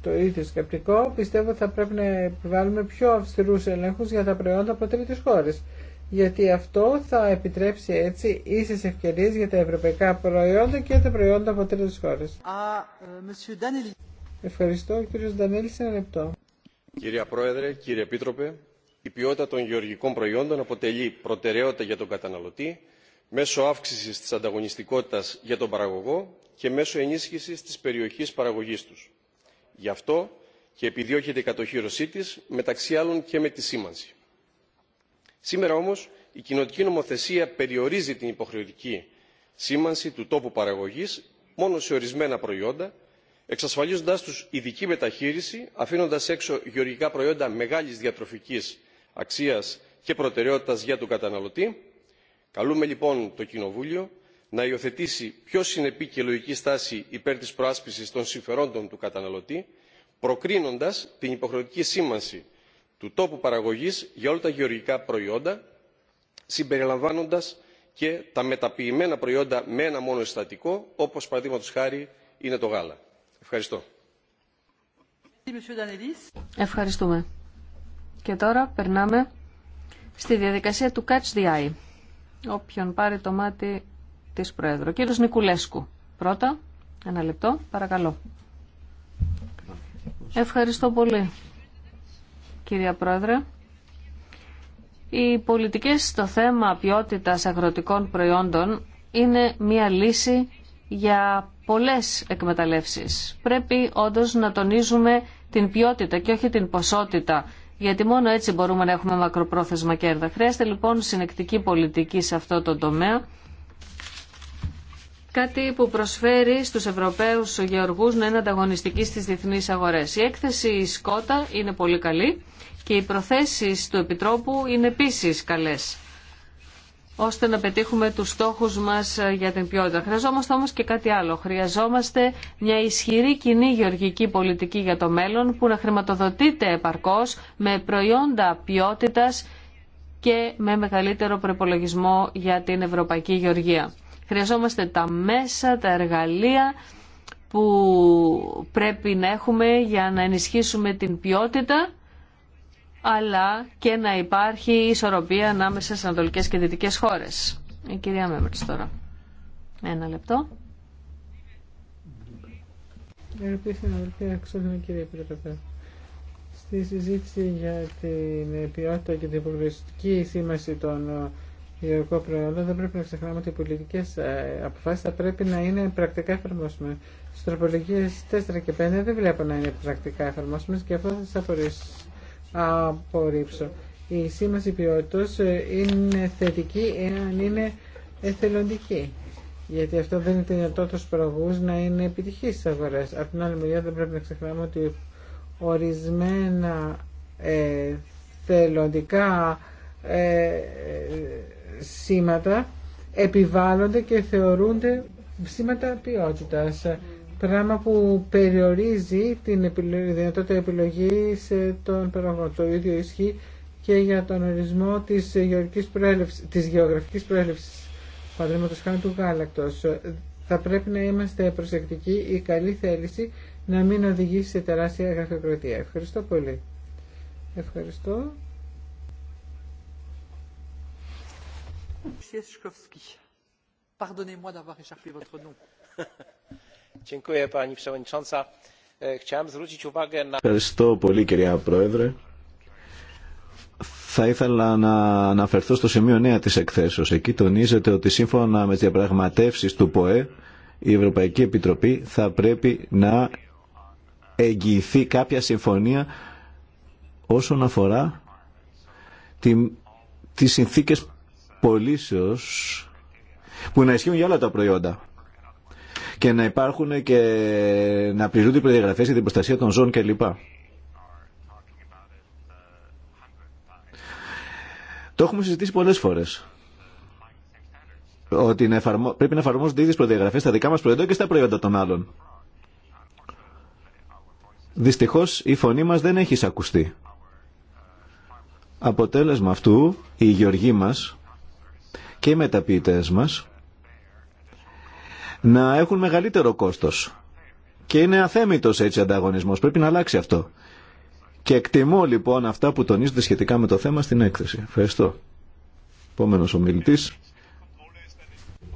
στο ίδιο σκεπτικό πιστεύω ότι θα πρέπει να επιβάλλουμε πιο αυστηρούς ελέγχους για τα προϊόντα από τρίτες χώρες. Γιατί αυτό θα επιτρέψει έτσι ίσες ευκαιρίες για τα ευρωπαϊκά προϊόντα και τα προϊόντα από τρίτες χώρες. Ε, Ευχαριστώ, κύριο Ντανέλη, σε ένα λεπτό. Κυρία Πρόεδρε, κύριε Επίτροπε, η ποιότητα των γεωργικών προϊόντων αποτελεί προτεραιότητα για τον καταναλωτή μέσω αύξησης της ανταγωνιστικότητας για τον παραγωγό και μέσω ενίσχυσης της περιοχής παραγωγής τους. Γι' αυτό και επιδιώκεται η κατοχύρωσή της, μεταξύ άλλων και με τη σήμανση. Σήμερα όμως η κοινοτική νομοθεσία περιορίζει την υποχρεωτική σήμανση του τόπου παραγωγής μόνο σε ορισμένα προϊόντα εξασφαλίζοντας τους ειδική μεταχείριση αφήνοντας έξω γεωργικά προϊόντα μεγάλης διατροφικής αξίας και προτεραιότητας για τον καταναλωτή. καλούμε λοιπόν το κοινοβούλιο να υιοθετήσει πιο συνεπή και λογική στάση υπέρ της προάσπισης των συμφερόντων του καταναλωτή προκρίνοντας την υποχρεωτική σήμανση του τόπου παραγωγής για όλα τα γεωργικά προϊόντα συμπεριλαμβάνοντας και τα μεταποιημένα προϊόντα με ένα μόνο συστατικό όπως παραδείγματος χάρη είναι το γάλα. Ευχαριστώ. Ευχαριστούμε. Και τώρα περνάμε στη διαδικασία του Catch the Eye. Όποιον πάρει το μάτι της πρόεδρο. Κύριος Νικουλέσκου. Πρώτα, ένα λεπτό, παρακαλώ. Ευχαριστώ πολύ, κυρία Πρόεδρε. Οι πολιτικές στο θέμα ποιότητας αγροτικών προϊόντων είναι μία λύση για πολλές εκμεταλλεύσεις. Πρέπει όντως να τονίζουμε την ποιότητα και όχι την ποσότητα, γιατί μόνο έτσι μπορούμε να έχουμε μακροπρόθεσμα κέρδα. Χρειάζεται λοιπόν συνεκτική πολιτική σε αυτό το τομέα, κάτι που προσφέρει στους Ευρωπαίους γεωργούς να είναι ανταγωνιστικοί στις διεθνείς αγορές. Η έκθεση Σκότα είναι πολύ καλή και οι προθέσεις του Επιτρόπου είναι επίσης καλές ώστε να πετύχουμε τους στόχους μας ε, για την ποιότητα. Χρειαζόμαστε όμως και κάτι άλλο. Χρειαζόμαστε μια ισχυρή κοινή γεωργική πολιτική για το μέλλον που να χρηματοδοτείται επαρκώς με προϊόντα ποιότητας και με μεγαλύτερο προπολογισμό για την Ευρωπαϊκή Γεωργία. Χρειαζόμαστε τα μέσα, τα εργαλεία που πρέπει να έχουμε για να ενισχύσουμε την ποιότητα αλλά και να υπάρχει ισορροπία ανάμεσα στι ανατολικέ και δυτικέ χώρε. Η κυρία Μέμερτς τώρα. Ένα λεπτό. στη συζήτηση για την ποιότητα και την υπολογιστική σήμαση των ε, γεωργικών προϊόντων, δεν πρέπει να ξεχνάμε ότι οι πολιτικέ ε, αποφάσει θα πρέπει να είναι πρακτικά εφαρμόσιμε. Στι τροπολογίε 4 και 5 δεν βλέπω να είναι πρακτικά εφαρμόσιμε και αυτό θα σα απορρίψω. Η σήμαση ποιότητας ε, είναι θετική εάν είναι εθελοντική. Γιατί αυτό δεν είναι δυνατό του προβού να είναι επιτυχή στι αγορέ. Από την άλλη μεριά, δεν πρέπει να ξεχνάμε ότι ορισμένα ε, θελοντικά ε, σήματα επιβάλλονται και θεωρούνται σήματα ποιότητας πράγμα που περιορίζει την δυνατότητα επιλογής ε, των παραγωγών. Το ίδιο ισχύει και για τον ορισμό της, γεωγραφική της γεωγραφικής προέλευσης παραδείγματος χάρη του γάλακτος. Θα πρέπει να είμαστε προσεκτικοί, η καλή θέληση να μην οδηγήσει σε τεράστια γραφειοκρατία. Ευχαριστώ πολύ. Ευχαριστώ. Pardonnez-moi d'avoir votre nom. E, Ευχαριστώ πολύ κυρία Πρόεδρε. Θα ήθελα να αναφερθώ στο σημείο νέα της εκθέσεως. Εκεί τονίζεται ότι σύμφωνα με τις διαπραγματεύσεις του ΠΟΕ η Ευρωπαϊκή Επιτροπή θα πρέπει να εγγυηθεί κάποια συμφωνία όσον αφορά τη, τις συνθήκες πωλήσεως που να ισχύουν για όλα τα προϊόντα και να υπάρχουν και να πληρούνται οι προδιαγραφές για την προστασία των ζώων κλπ. Το έχουμε συζητήσει πολλές φορές. Ότι πρέπει να εφαρμόζονται ίδιες προδιαγραφές στα δικά μας προϊόντα και στα προϊόντα των άλλων. Δυστυχώς η φωνή μας δεν έχει εισακουστεί. Αποτέλεσμα αυτού, οι γεωργοί μας και οι μεταποιητές μας να έχουν μεγαλύτερο κόστος. Και είναι αθέμητος έτσι ανταγωνισμός. Πρέπει να αλλάξει αυτό. Και εκτιμώ λοιπόν αυτά που τονίζονται σχετικά με το θέμα στην έκθεση. Ευχαριστώ. Επόμενο ομιλητή.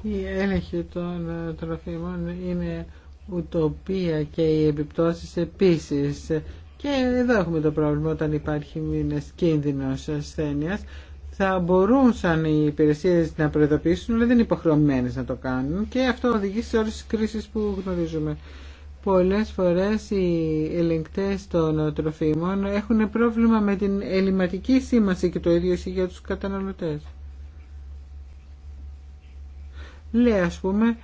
Η έλεγχη των ε, τροφίμων είναι ουτοπία και οι επιπτώσεις επίσης. Και εδώ έχουμε το πρόβλημα όταν υπάρχει μήνες κίνδυνος ασθένειας θα μπορούσαν οι υπηρεσίε να προειδοποιήσουν, αλλά δεν είναι υποχρεωμένες να το κάνουν και αυτό οδηγεί σε όλε τι κρίσεις που γνωρίζουμε. Πολλέ φορές οι ελεγκτές των τροφίμων έχουν πρόβλημα με την ελληματική σήμανση και το ίδιο ισχύει για τους καταναλωτές. Λέει α πούμε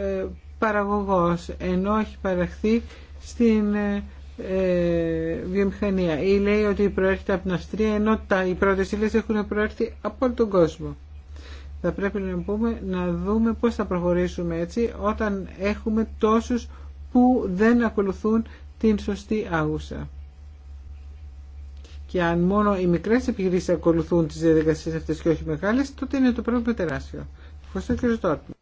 ε, παραγωγός ενώ έχει παραχθεί στην ε, ε, βιομηχανία ή λέει ότι προέρχεται από την Αυστρία ενώ τα, οι πρώτες ύλε έχουν προέρχεται από όλο τον κόσμο. Θα πρέπει να πούμε να δούμε πώς θα προχωρήσουμε έτσι όταν έχουμε τόσους που δεν ακολουθούν την σωστή άγουσα. Και αν μόνο οι μικρές επιχειρήσεις ακολουθούν τις διαδικασίε αυτές και όχι οι μεγάλες, τότε είναι το πρόβλημα τεράστιο. Ευχαριστώ κύριε Στόρπη.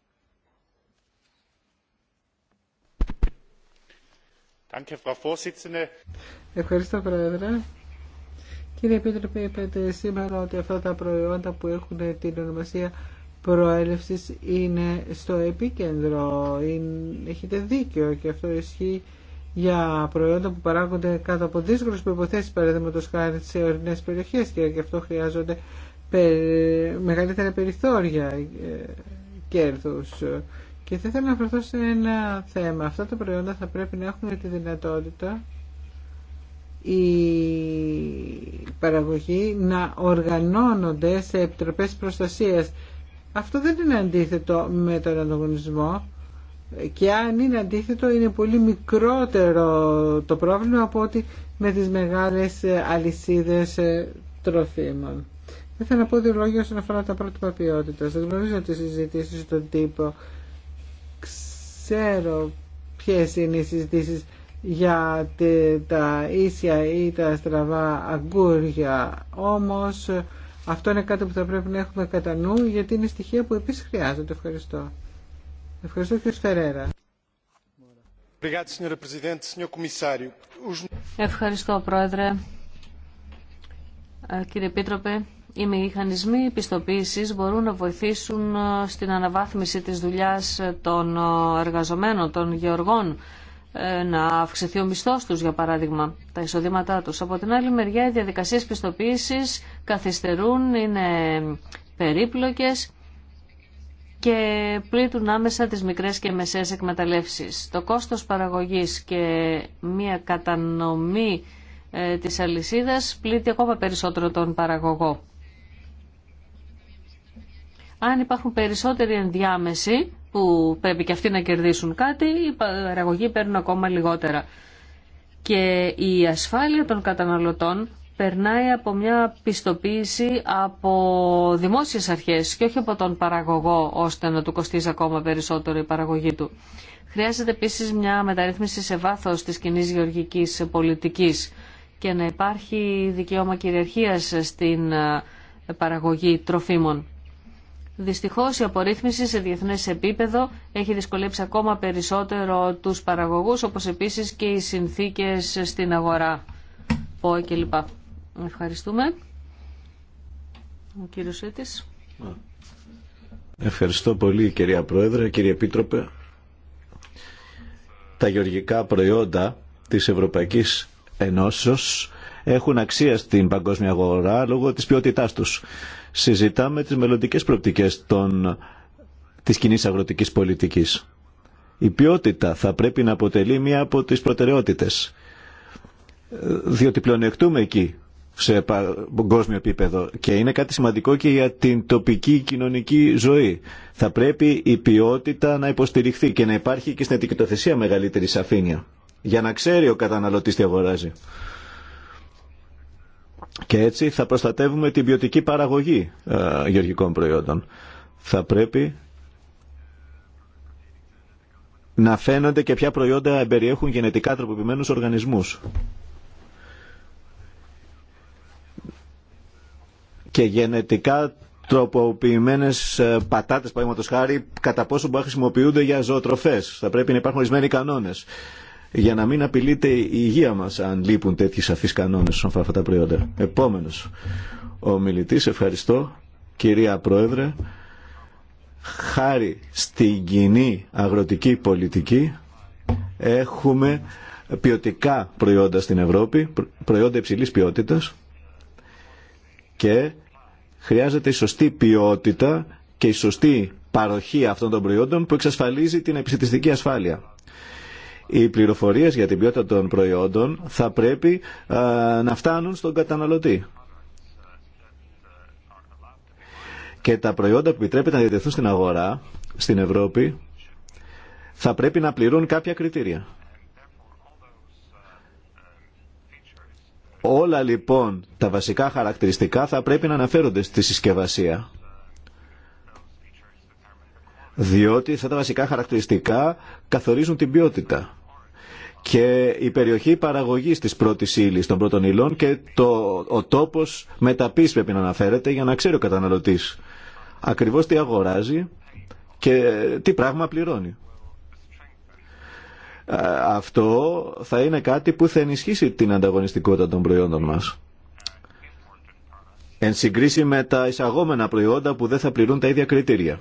Ευχαριστώ, Πρόεδρε. Κύριε Επίτροπε, είπατε σήμερα ότι αυτά τα προϊόντα που έχουν την ονομασία προέλευσης είναι στο επίκεντρο. έχετε δίκιο και αυτό ισχύει για προϊόντα που παράγονται κάτω από δύσκολε προποθέσει, παραδείγματο χάρη σε ορεινέ περιοχές και γι' αυτό χρειάζονται μεγαλύτερα περιθώρια ε, κέρδου. Και θα ήθελα να αναφερθώ σε ένα θέμα. Αυτά τα προϊόντα θα πρέπει να έχουν τη δυνατότητα η παραγωγή να οργανώνονται σε επιτροπές προστασίας. Αυτό δεν είναι αντίθετο με τον ανταγωνισμό και αν είναι αντίθετο είναι πολύ μικρότερο το πρόβλημα από ότι με τις μεγάλες αλυσίδες τροφίμων. Δεν θέλω να πω δύο λόγια όσον αφορά τα πρότυπα ποιότητα. Δεν γνωρίζω τι συζητήσει στον τύπο ξέρω ποιες είναι οι συζητήσεις για τα ίσια ή τα στραβά αγκούρια. Όμως αυτό είναι κάτι που θα πρέπει να έχουμε κατά νου γιατί είναι στοιχεία που επίσης χρειάζονται. Ευχαριστώ. Ευχαριστώ κ. Φερέρα. Ευχαριστώ Πρόεδρε. Ε, κύριε Επίτροπε, οι μηχανισμοί πιστοποίησης μπορούν να βοηθήσουν ε, στην αναβάθμιση της δουλειάς ε, των ε, εργαζομένων, των γεωργών, να αυξηθεί ο μισθός τους, για παράδειγμα, τα εισοδήματά τους. Από την άλλη μεριά, οι διαδικασίες πιστοποίησης καθυστερούν, είναι περίπλοκες και πλήττουν άμεσα τις μικρές και μεσαίες εκμεταλλεύσεις. Το κόστος παραγωγής και μια κατανομή της αλυσίδας πλήττει ακόμα περισσότερο τον παραγωγό. Αν υπάρχουν περισσότεροι ενδιάμεσοι που πρέπει και αυτοί να κερδίσουν κάτι, οι παραγωγοί παίρνουν ακόμα λιγότερα. Και η ασφάλεια των καταναλωτών περνάει από μια πιστοποίηση από δημόσιες αρχές και όχι από τον παραγωγό ώστε να του κοστίζει ακόμα περισσότερο η παραγωγή του. Χρειάζεται επίσης μια μεταρρύθμιση σε βάθος της κοινή γεωργικής πολιτικής και να υπάρχει δικαίωμα κυριαρχίας στην παραγωγή τροφίμων. Δυστυχώς η απορρίθμιση σε διεθνέ επίπεδο έχει δυσκολέψει ακόμα περισσότερο τους παραγωγούς, όπως επίσης και οι συνθήκες στην αγορά, κλπ. Ευχαριστούμε. Ο κύριος Ευχαριστώ πολύ κυρία Πρόεδρε, κύριε Επίτροπε. Τα γεωργικά προϊόντα της Ευρωπαϊκής Ενώσεως έχουν αξία στην παγκόσμια αγορά λόγω της ποιότητάς τους. Συζητάμε τις μελλοντικές προοπτικές των, της κοινή αγροτικής πολιτικής. Η ποιότητα θα πρέπει να αποτελεί μία από τις προτεραιότητες, διότι πλεονεκτούμε εκεί σε παγκόσμιο επίπεδο και είναι κάτι σημαντικό και για την τοπική κοινωνική ζωή. Θα πρέπει η ποιότητα να υποστηριχθεί και να υπάρχει και στην ετικετοθεσία μεγαλύτερη σαφήνεια για να ξέρει ο καταναλωτής τι αγοράζει. Και έτσι θα προστατεύουμε την ποιοτική παραγωγή ε, γεωργικών προϊόντων. Θα πρέπει να φαίνονται και ποια προϊόντα περιέχουν γενετικά τροποποιημένους οργανισμούς. Και γενετικά τροποποιημένες ε, πατάτες, παραδείγματος χάρη, κατά πόσο μπορεί να χρησιμοποιούνται για ζωοτροφές. Θα πρέπει να υπάρχουν ορισμένοι κανόνες για να μην απειλείται η υγεία μας αν λείπουν τέτοιοι σαφείς κανόνες όσον αφορά αυτά τα προϊόντα. Επόμενος, ο μιλητής, ευχαριστώ, κυρία Πρόεδρε, χάρη στην κοινή αγροτική πολιτική έχουμε ποιοτικά προϊόντα στην Ευρώπη, προϊόντα υψηλής ποιότητας και χρειάζεται η σωστή ποιότητα και η σωστή παροχή αυτών των προϊόντων που εξασφαλίζει την επιστημιστική ασφάλεια οι πληροφορίες για την ποιότητα των προϊόντων θα πρέπει ε, να φτάνουν στον καταναλωτή. Και τα προϊόντα που επιτρέπεται να διατεθούν στην αγορά, στην Ευρώπη, θα πρέπει να πληρούν κάποια κριτήρια. Όλα λοιπόν τα βασικά χαρακτηριστικά θα πρέπει να αναφέρονται στη συσκευασία. Διότι αυτά τα βασικά χαρακτηριστικά καθορίζουν την ποιότητα και η περιοχή παραγωγής της πρώτης ύλη των πρώτων υλών και το, ο τόπος μεταπή πρέπει να αναφέρεται για να ξέρει ο καταναλωτής ακριβώς τι αγοράζει και τι πράγμα πληρώνει. Ε, αυτό θα είναι κάτι που θα ενισχύσει την ανταγωνιστικότητα των προϊόντων μας. Εν συγκρίση με τα εισαγόμενα προϊόντα που δεν θα πληρούν τα ίδια κριτήρια.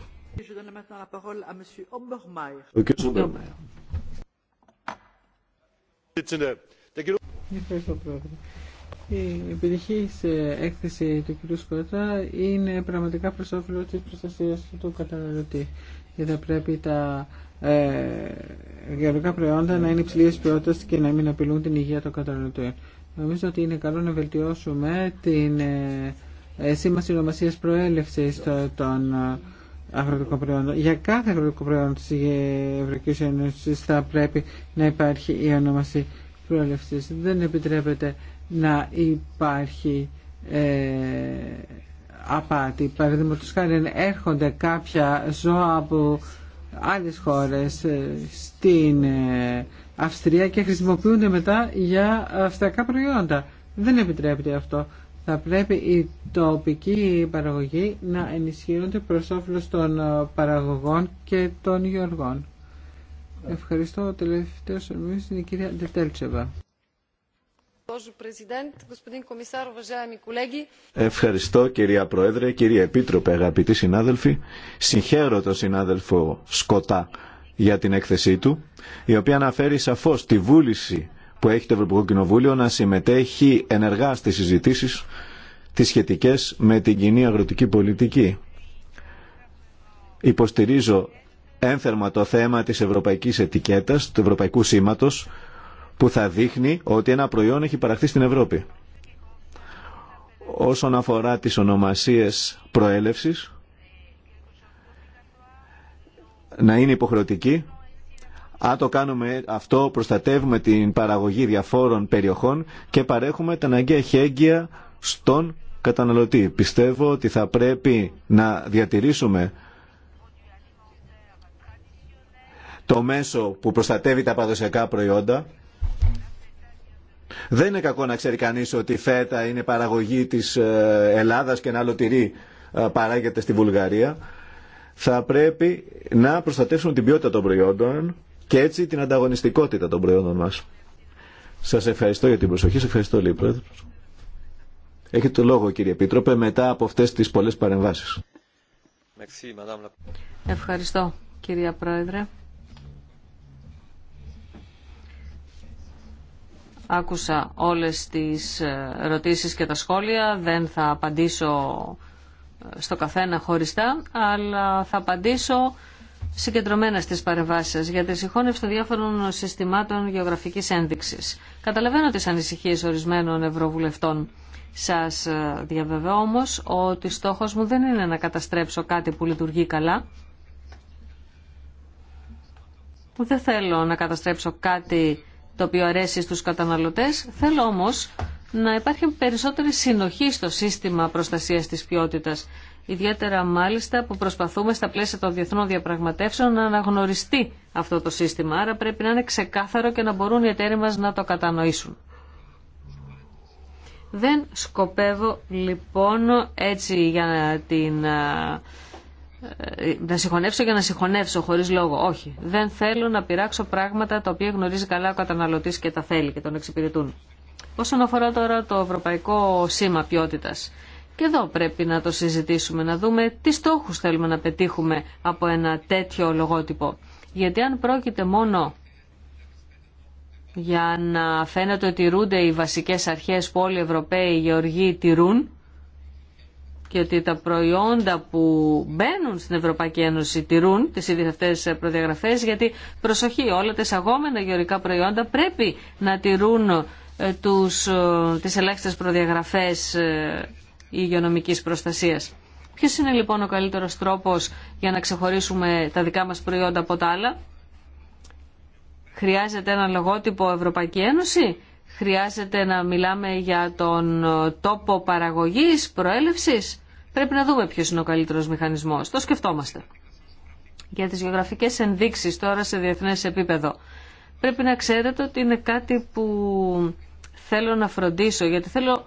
Η επιτυχή έκθεση του κ. Σκοτά είναι πραγματικά προ όφελο τη προστασία του καταναλωτή. Γιατί πρέπει τα ε, γεωργικά προϊόντα να είναι υψηλής ποιότητα και να μην απειλούν την υγεία των καταναλωτών. Νομίζω ότι είναι καλό να βελτιώσουμε την ε, σήμαση ονομασία προέλευσης των αγροτικό προϊόντο. Για κάθε αγροτικό προϊόντο της Ευρωπαϊκής Ένωσης θα πρέπει να υπάρχει η ονόμαση προέλευση. Δεν επιτρέπεται να υπάρχει ε, απάτη. Παραδείγματο χάρη έρχονται κάποια ζώα από άλλες χώρες ε, στην ε, Αυστρία και χρησιμοποιούνται μετά για αυστριακά προϊόντα. Δεν επιτρέπεται αυτό. Θα πρέπει η τοπική παραγωγή να ενισχύονται προς όφελο των ε, παραγωγών και των γεωργών. Ευχαριστώ. Ο τελευταίο ομιλής είναι η κυρία Ντετέλτσεβα. Ευχαριστώ κυρία Πρόεδρε, κύριε Επίτροπε, αγαπητοί συνάδελφοι. Συγχαίρω τον συνάδελφο Σκοτά για την έκθεσή του, η οποία αναφέρει σαφώς τη βούληση που έχει το Ευρωπαϊκό Κοινοβούλιο να συμμετέχει ενεργά στις συζητήσεις τις σχετικές με την κοινή αγροτική πολιτική. Υποστηρίζω ένθερμα το θέμα της ευρωπαϊκής ετικέτας, του ευρωπαϊκού σήματος, που θα δείχνει ότι ένα προϊόν έχει παραχθεί στην Ευρώπη. Όσον αφορά τις ονομασίες προέλευσης, να είναι υποχρεωτική αν το κάνουμε αυτό, προστατεύουμε την παραγωγή διαφόρων περιοχών και παρέχουμε τα αναγκαία χέγγια στον καταναλωτή. Πιστεύω ότι θα πρέπει να διατηρήσουμε το μέσο που προστατεύει τα παραδοσιακά προϊόντα. Δεν είναι κακό να ξέρει κανείς ότι η φέτα είναι παραγωγή της ε, Ελλάδας και ένα άλλο τυρί ε, παράγεται στη Βουλγαρία. Θα πρέπει να προστατεύσουμε την ποιότητα των προϊόντων και έτσι την ανταγωνιστικότητα των προϊόντων μας. Σας ευχαριστώ για την προσοχή. Σας ευχαριστώ, λίγο. Πρόεδρο. Έχετε το λόγο, κύριε Επίτροπε, μετά από αυτές τις πολλές παρεμβάσεις. Ευχαριστώ, κυρία Πρόεδρε. Άκουσα όλες τις ε, ερωτήσεις και τα σχόλια. Δεν θα απαντήσω ε, στο καθένα χωριστά, αλλά θα απαντήσω συγκεντρωμένα στις σα για τη συγχώνευση των διάφορων συστημάτων γεωγραφική ένδειξη. Καταλαβαίνω τι ανησυχίε ορισμένων ευρωβουλευτών. Σα ε, διαβεβαιώ όμω ότι στόχο μου δεν είναι να καταστρέψω κάτι που λειτουργεί καλά. Που δεν θέλω να καταστρέψω κάτι το οποίο αρέσει στους καταναλωτές. Θέλω όμως να υπάρχει περισσότερη συνοχή στο σύστημα προστασίας της ποιότητας Ιδιαίτερα μάλιστα που προσπαθούμε στα πλαίσια των διεθνών διαπραγματεύσεων να αναγνωριστεί αυτό το σύστημα. Άρα πρέπει να είναι ξεκάθαρο και να μπορούν οι εταίροι μας να το κατανοήσουν. Δεν σκοπεύω λοιπόν έτσι για την... Ε, να συγχωνεύσω για να συγχωνεύσω χωρί λόγο. Όχι. Δεν θέλω να πειράξω πράγματα τα οποία γνωρίζει καλά ο καταναλωτή και τα θέλει και τον εξυπηρετούν. Όσον αφορά τώρα το Ευρωπαϊκό Σήμα Ποιότητα. Και εδώ πρέπει να το συζητήσουμε, να δούμε τι στόχους θέλουμε να πετύχουμε από ένα τέτοιο λογότυπο. Γιατί αν πρόκειται μόνο για να φαίνεται ότι τηρούνται οι βασικές αρχές που όλοι οι Ευρωπαίοι γεωργοί τηρούν και ότι τα προϊόντα που μπαίνουν στην Ευρωπαϊκή Ένωση τηρούν τις ίδιες αυτές προδιαγραφές γιατί προσοχή όλα τα εισαγόμενα γεωργικά προϊόντα πρέπει να τηρούν ε, τους, ε, τις ελάχιστες προδιαγραφές ε, υγειονομική προστασίας. Ποιο είναι λοιπόν ο καλύτερος τρόπος για να ξεχωρίσουμε τα δικά μας προϊόντα από τα άλλα. Χρειάζεται ένα λογότυπο Ευρωπαϊκή Ένωση. Χρειάζεται να μιλάμε για τον τόπο παραγωγής, προέλευσης. Πρέπει να δούμε ποιο είναι ο καλύτερος μηχανισμός. Το σκεφτόμαστε. Για τι γεωγραφικέ ενδείξει, τώρα σε διεθνέ επίπεδο. Πρέπει να ξέρετε ότι είναι κάτι που θέλω να φροντίσω, γιατί θέλω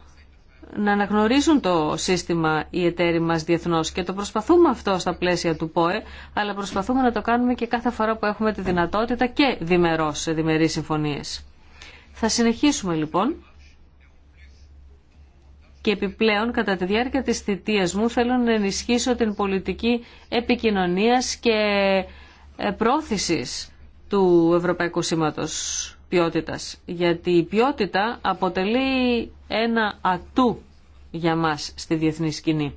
να αναγνωρίσουν το σύστημα οι εταίροι μας διεθνώς και το προσπαθούμε αυτό στα πλαίσια του ΠΟΕ, αλλά προσπαθούμε να το κάνουμε και κάθε φορά που έχουμε τη δυνατότητα και διμερώς σε διμερείς συμφωνίες. Θα συνεχίσουμε λοιπόν και επιπλέον κατά τη διάρκεια της θητείας μου θέλω να ενισχύσω την πολιτική επικοινωνίας και ε, πρόθεσης του Ευρωπαϊκού Σήματος ποιότητας. Γιατί η ποιότητα αποτελεί ένα ατού για μας στη διεθνή σκηνή.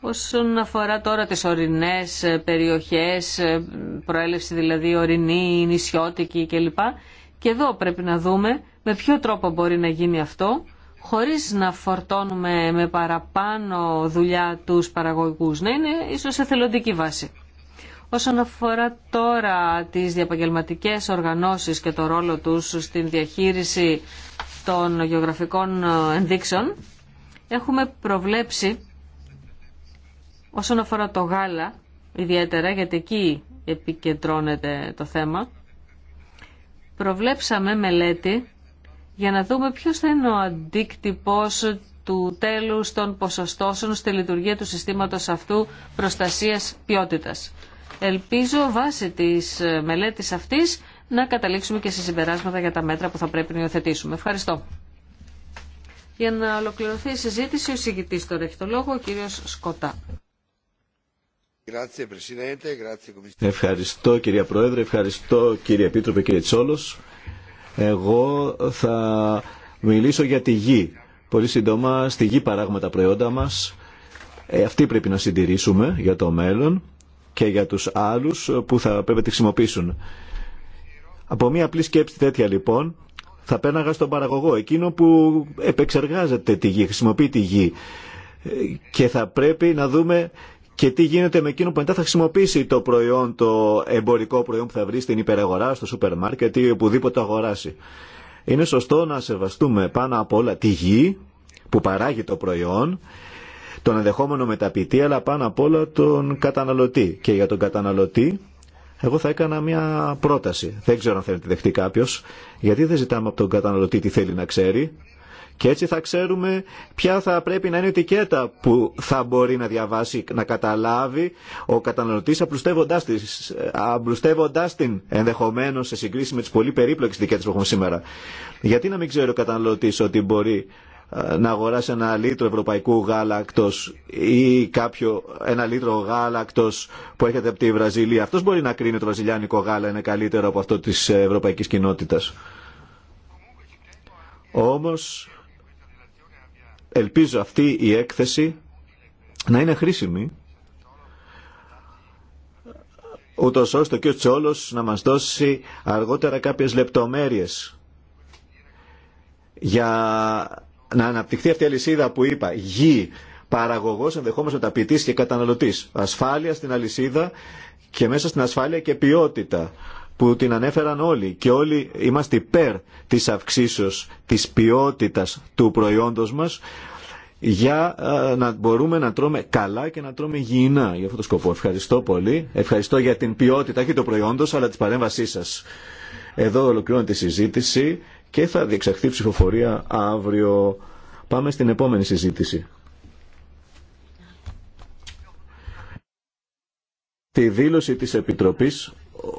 Όσον αφορά τώρα τις ορεινές ε, περιοχές, ε, προέλευση δηλαδή ορεινή, νησιώτικη κλπ. Και εδώ πρέπει να δούμε με ποιο τρόπο μπορεί να γίνει αυτό, χωρίς να φορτώνουμε με παραπάνω δουλειά τους παραγωγούς. Να είναι ίσως εθελοντική βάση. Όσον αφορά τώρα τις διαπαγγελματικές οργανώσεις και το ρόλο τους στην διαχείριση των γεωγραφικών ε, ενδείξεων, έχουμε προβλέψει όσον αφορά το γάλα, ιδιαίτερα γιατί εκεί επικεντρώνεται το θέμα, προβλέψαμε μελέτη για να δούμε ποιος θα είναι ο αντίκτυπος του τέλους των ποσοστώσεων στη λειτουργία του συστήματος αυτού προστασίας ποιότητας. Ελπίζω βάσει της μελέτης αυτής να καταλήξουμε και σε συμπεράσματα για τα μέτρα που θα πρέπει να υιοθετήσουμε. Ευχαριστώ. Για να ολοκληρωθεί η συζήτηση, ο συγκητής τώρα έχει το λόγο, ο κύριος Σκοτά. Ευχαριστώ κυρία Πρόεδρε, ευχαριστώ κύριε Επίτροπε, κύριε Τσόλος. Εγώ θα μιλήσω για τη γη. Πολύ σύντομα, στη γη παράγουμε τα προϊόντα μας. Ε, αυτή πρέπει να συντηρήσουμε για το μέλλον και για τους άλλους που θα πρέπει να τη χρησιμοποιήσουν. Από μια απλή σκέψη τέτοια λοιπόν θα πέναγα στον παραγωγό, εκείνο που επεξεργάζεται τη γη, χρησιμοποιεί τη γη και θα πρέπει να δούμε και τι γίνεται με εκείνο που μετά θα χρησιμοποιήσει το προϊόν, το εμπορικό προϊόν που θα βρει στην υπεραγορά, στο σούπερ μάρκετ ή οπουδήποτε αγοράσει. Είναι σωστό να σεβαστούμε πάνω απ' όλα τη γη που παράγει το προϊόν τον ενδεχόμενο μεταπητή, αλλά πάνω απ' όλα τον καταναλωτή. Και για τον καταναλωτή, εγώ θα έκανα μια πρόταση. Δεν ξέρω αν θέλει να τη δεχτεί κάποιο, γιατί δεν ζητάμε από τον καταναλωτή τι θέλει να ξέρει. Και έτσι θα ξέρουμε ποια θα πρέπει να είναι η ετικέτα που θα μπορεί να διαβάσει, να καταλάβει ο καταναλωτή απλουστεύοντά την ενδεχομένω σε συγκρίση με τι πολύ περίπλοκες ετικέτε που έχουμε σήμερα. Γιατί να μην ξέρει ο καταναλωτή ότι μπορεί να αγοράσει ένα λίτρο ευρωπαϊκού γάλακτος ή κάποιο, ένα λίτρο γάλακτος που έρχεται από τη Βραζιλία. Αυτός μπορεί να κρίνει το βραζιλιάνικο γάλα είναι καλύτερο από αυτό της ευρωπαϊκής κοινότητας. Όμως ελπίζω αυτή η έκθεση να είναι χρήσιμη ούτω ώστε και ο Τσόλος να μας δώσει αργότερα κάποιες λεπτομέρειες για να αναπτυχθεί αυτή η αλυσίδα που είπα, γη, παραγωγό, ενδεχόμενο μεταπητή και καταναλωτή. Ασφάλεια στην αλυσίδα και μέσα στην ασφάλεια και ποιότητα που την ανέφεραν όλοι και όλοι είμαστε υπέρ της αυξήσεως της ποιότητας του προϊόντος μας για ε, να μπορούμε να τρώμε καλά και να τρώμε υγιεινά για αυτό το σκοπό. Ευχαριστώ πολύ. Ευχαριστώ για την ποιότητα και το προϊόντος αλλά της παρέμβασής σας. Εδώ ολοκληρώνεται η συζήτηση και θα διεξαχθεί ψηφοφορία αύριο. Πάμε στην επόμενη συζήτηση. Τη δήλωση της Επιτροπής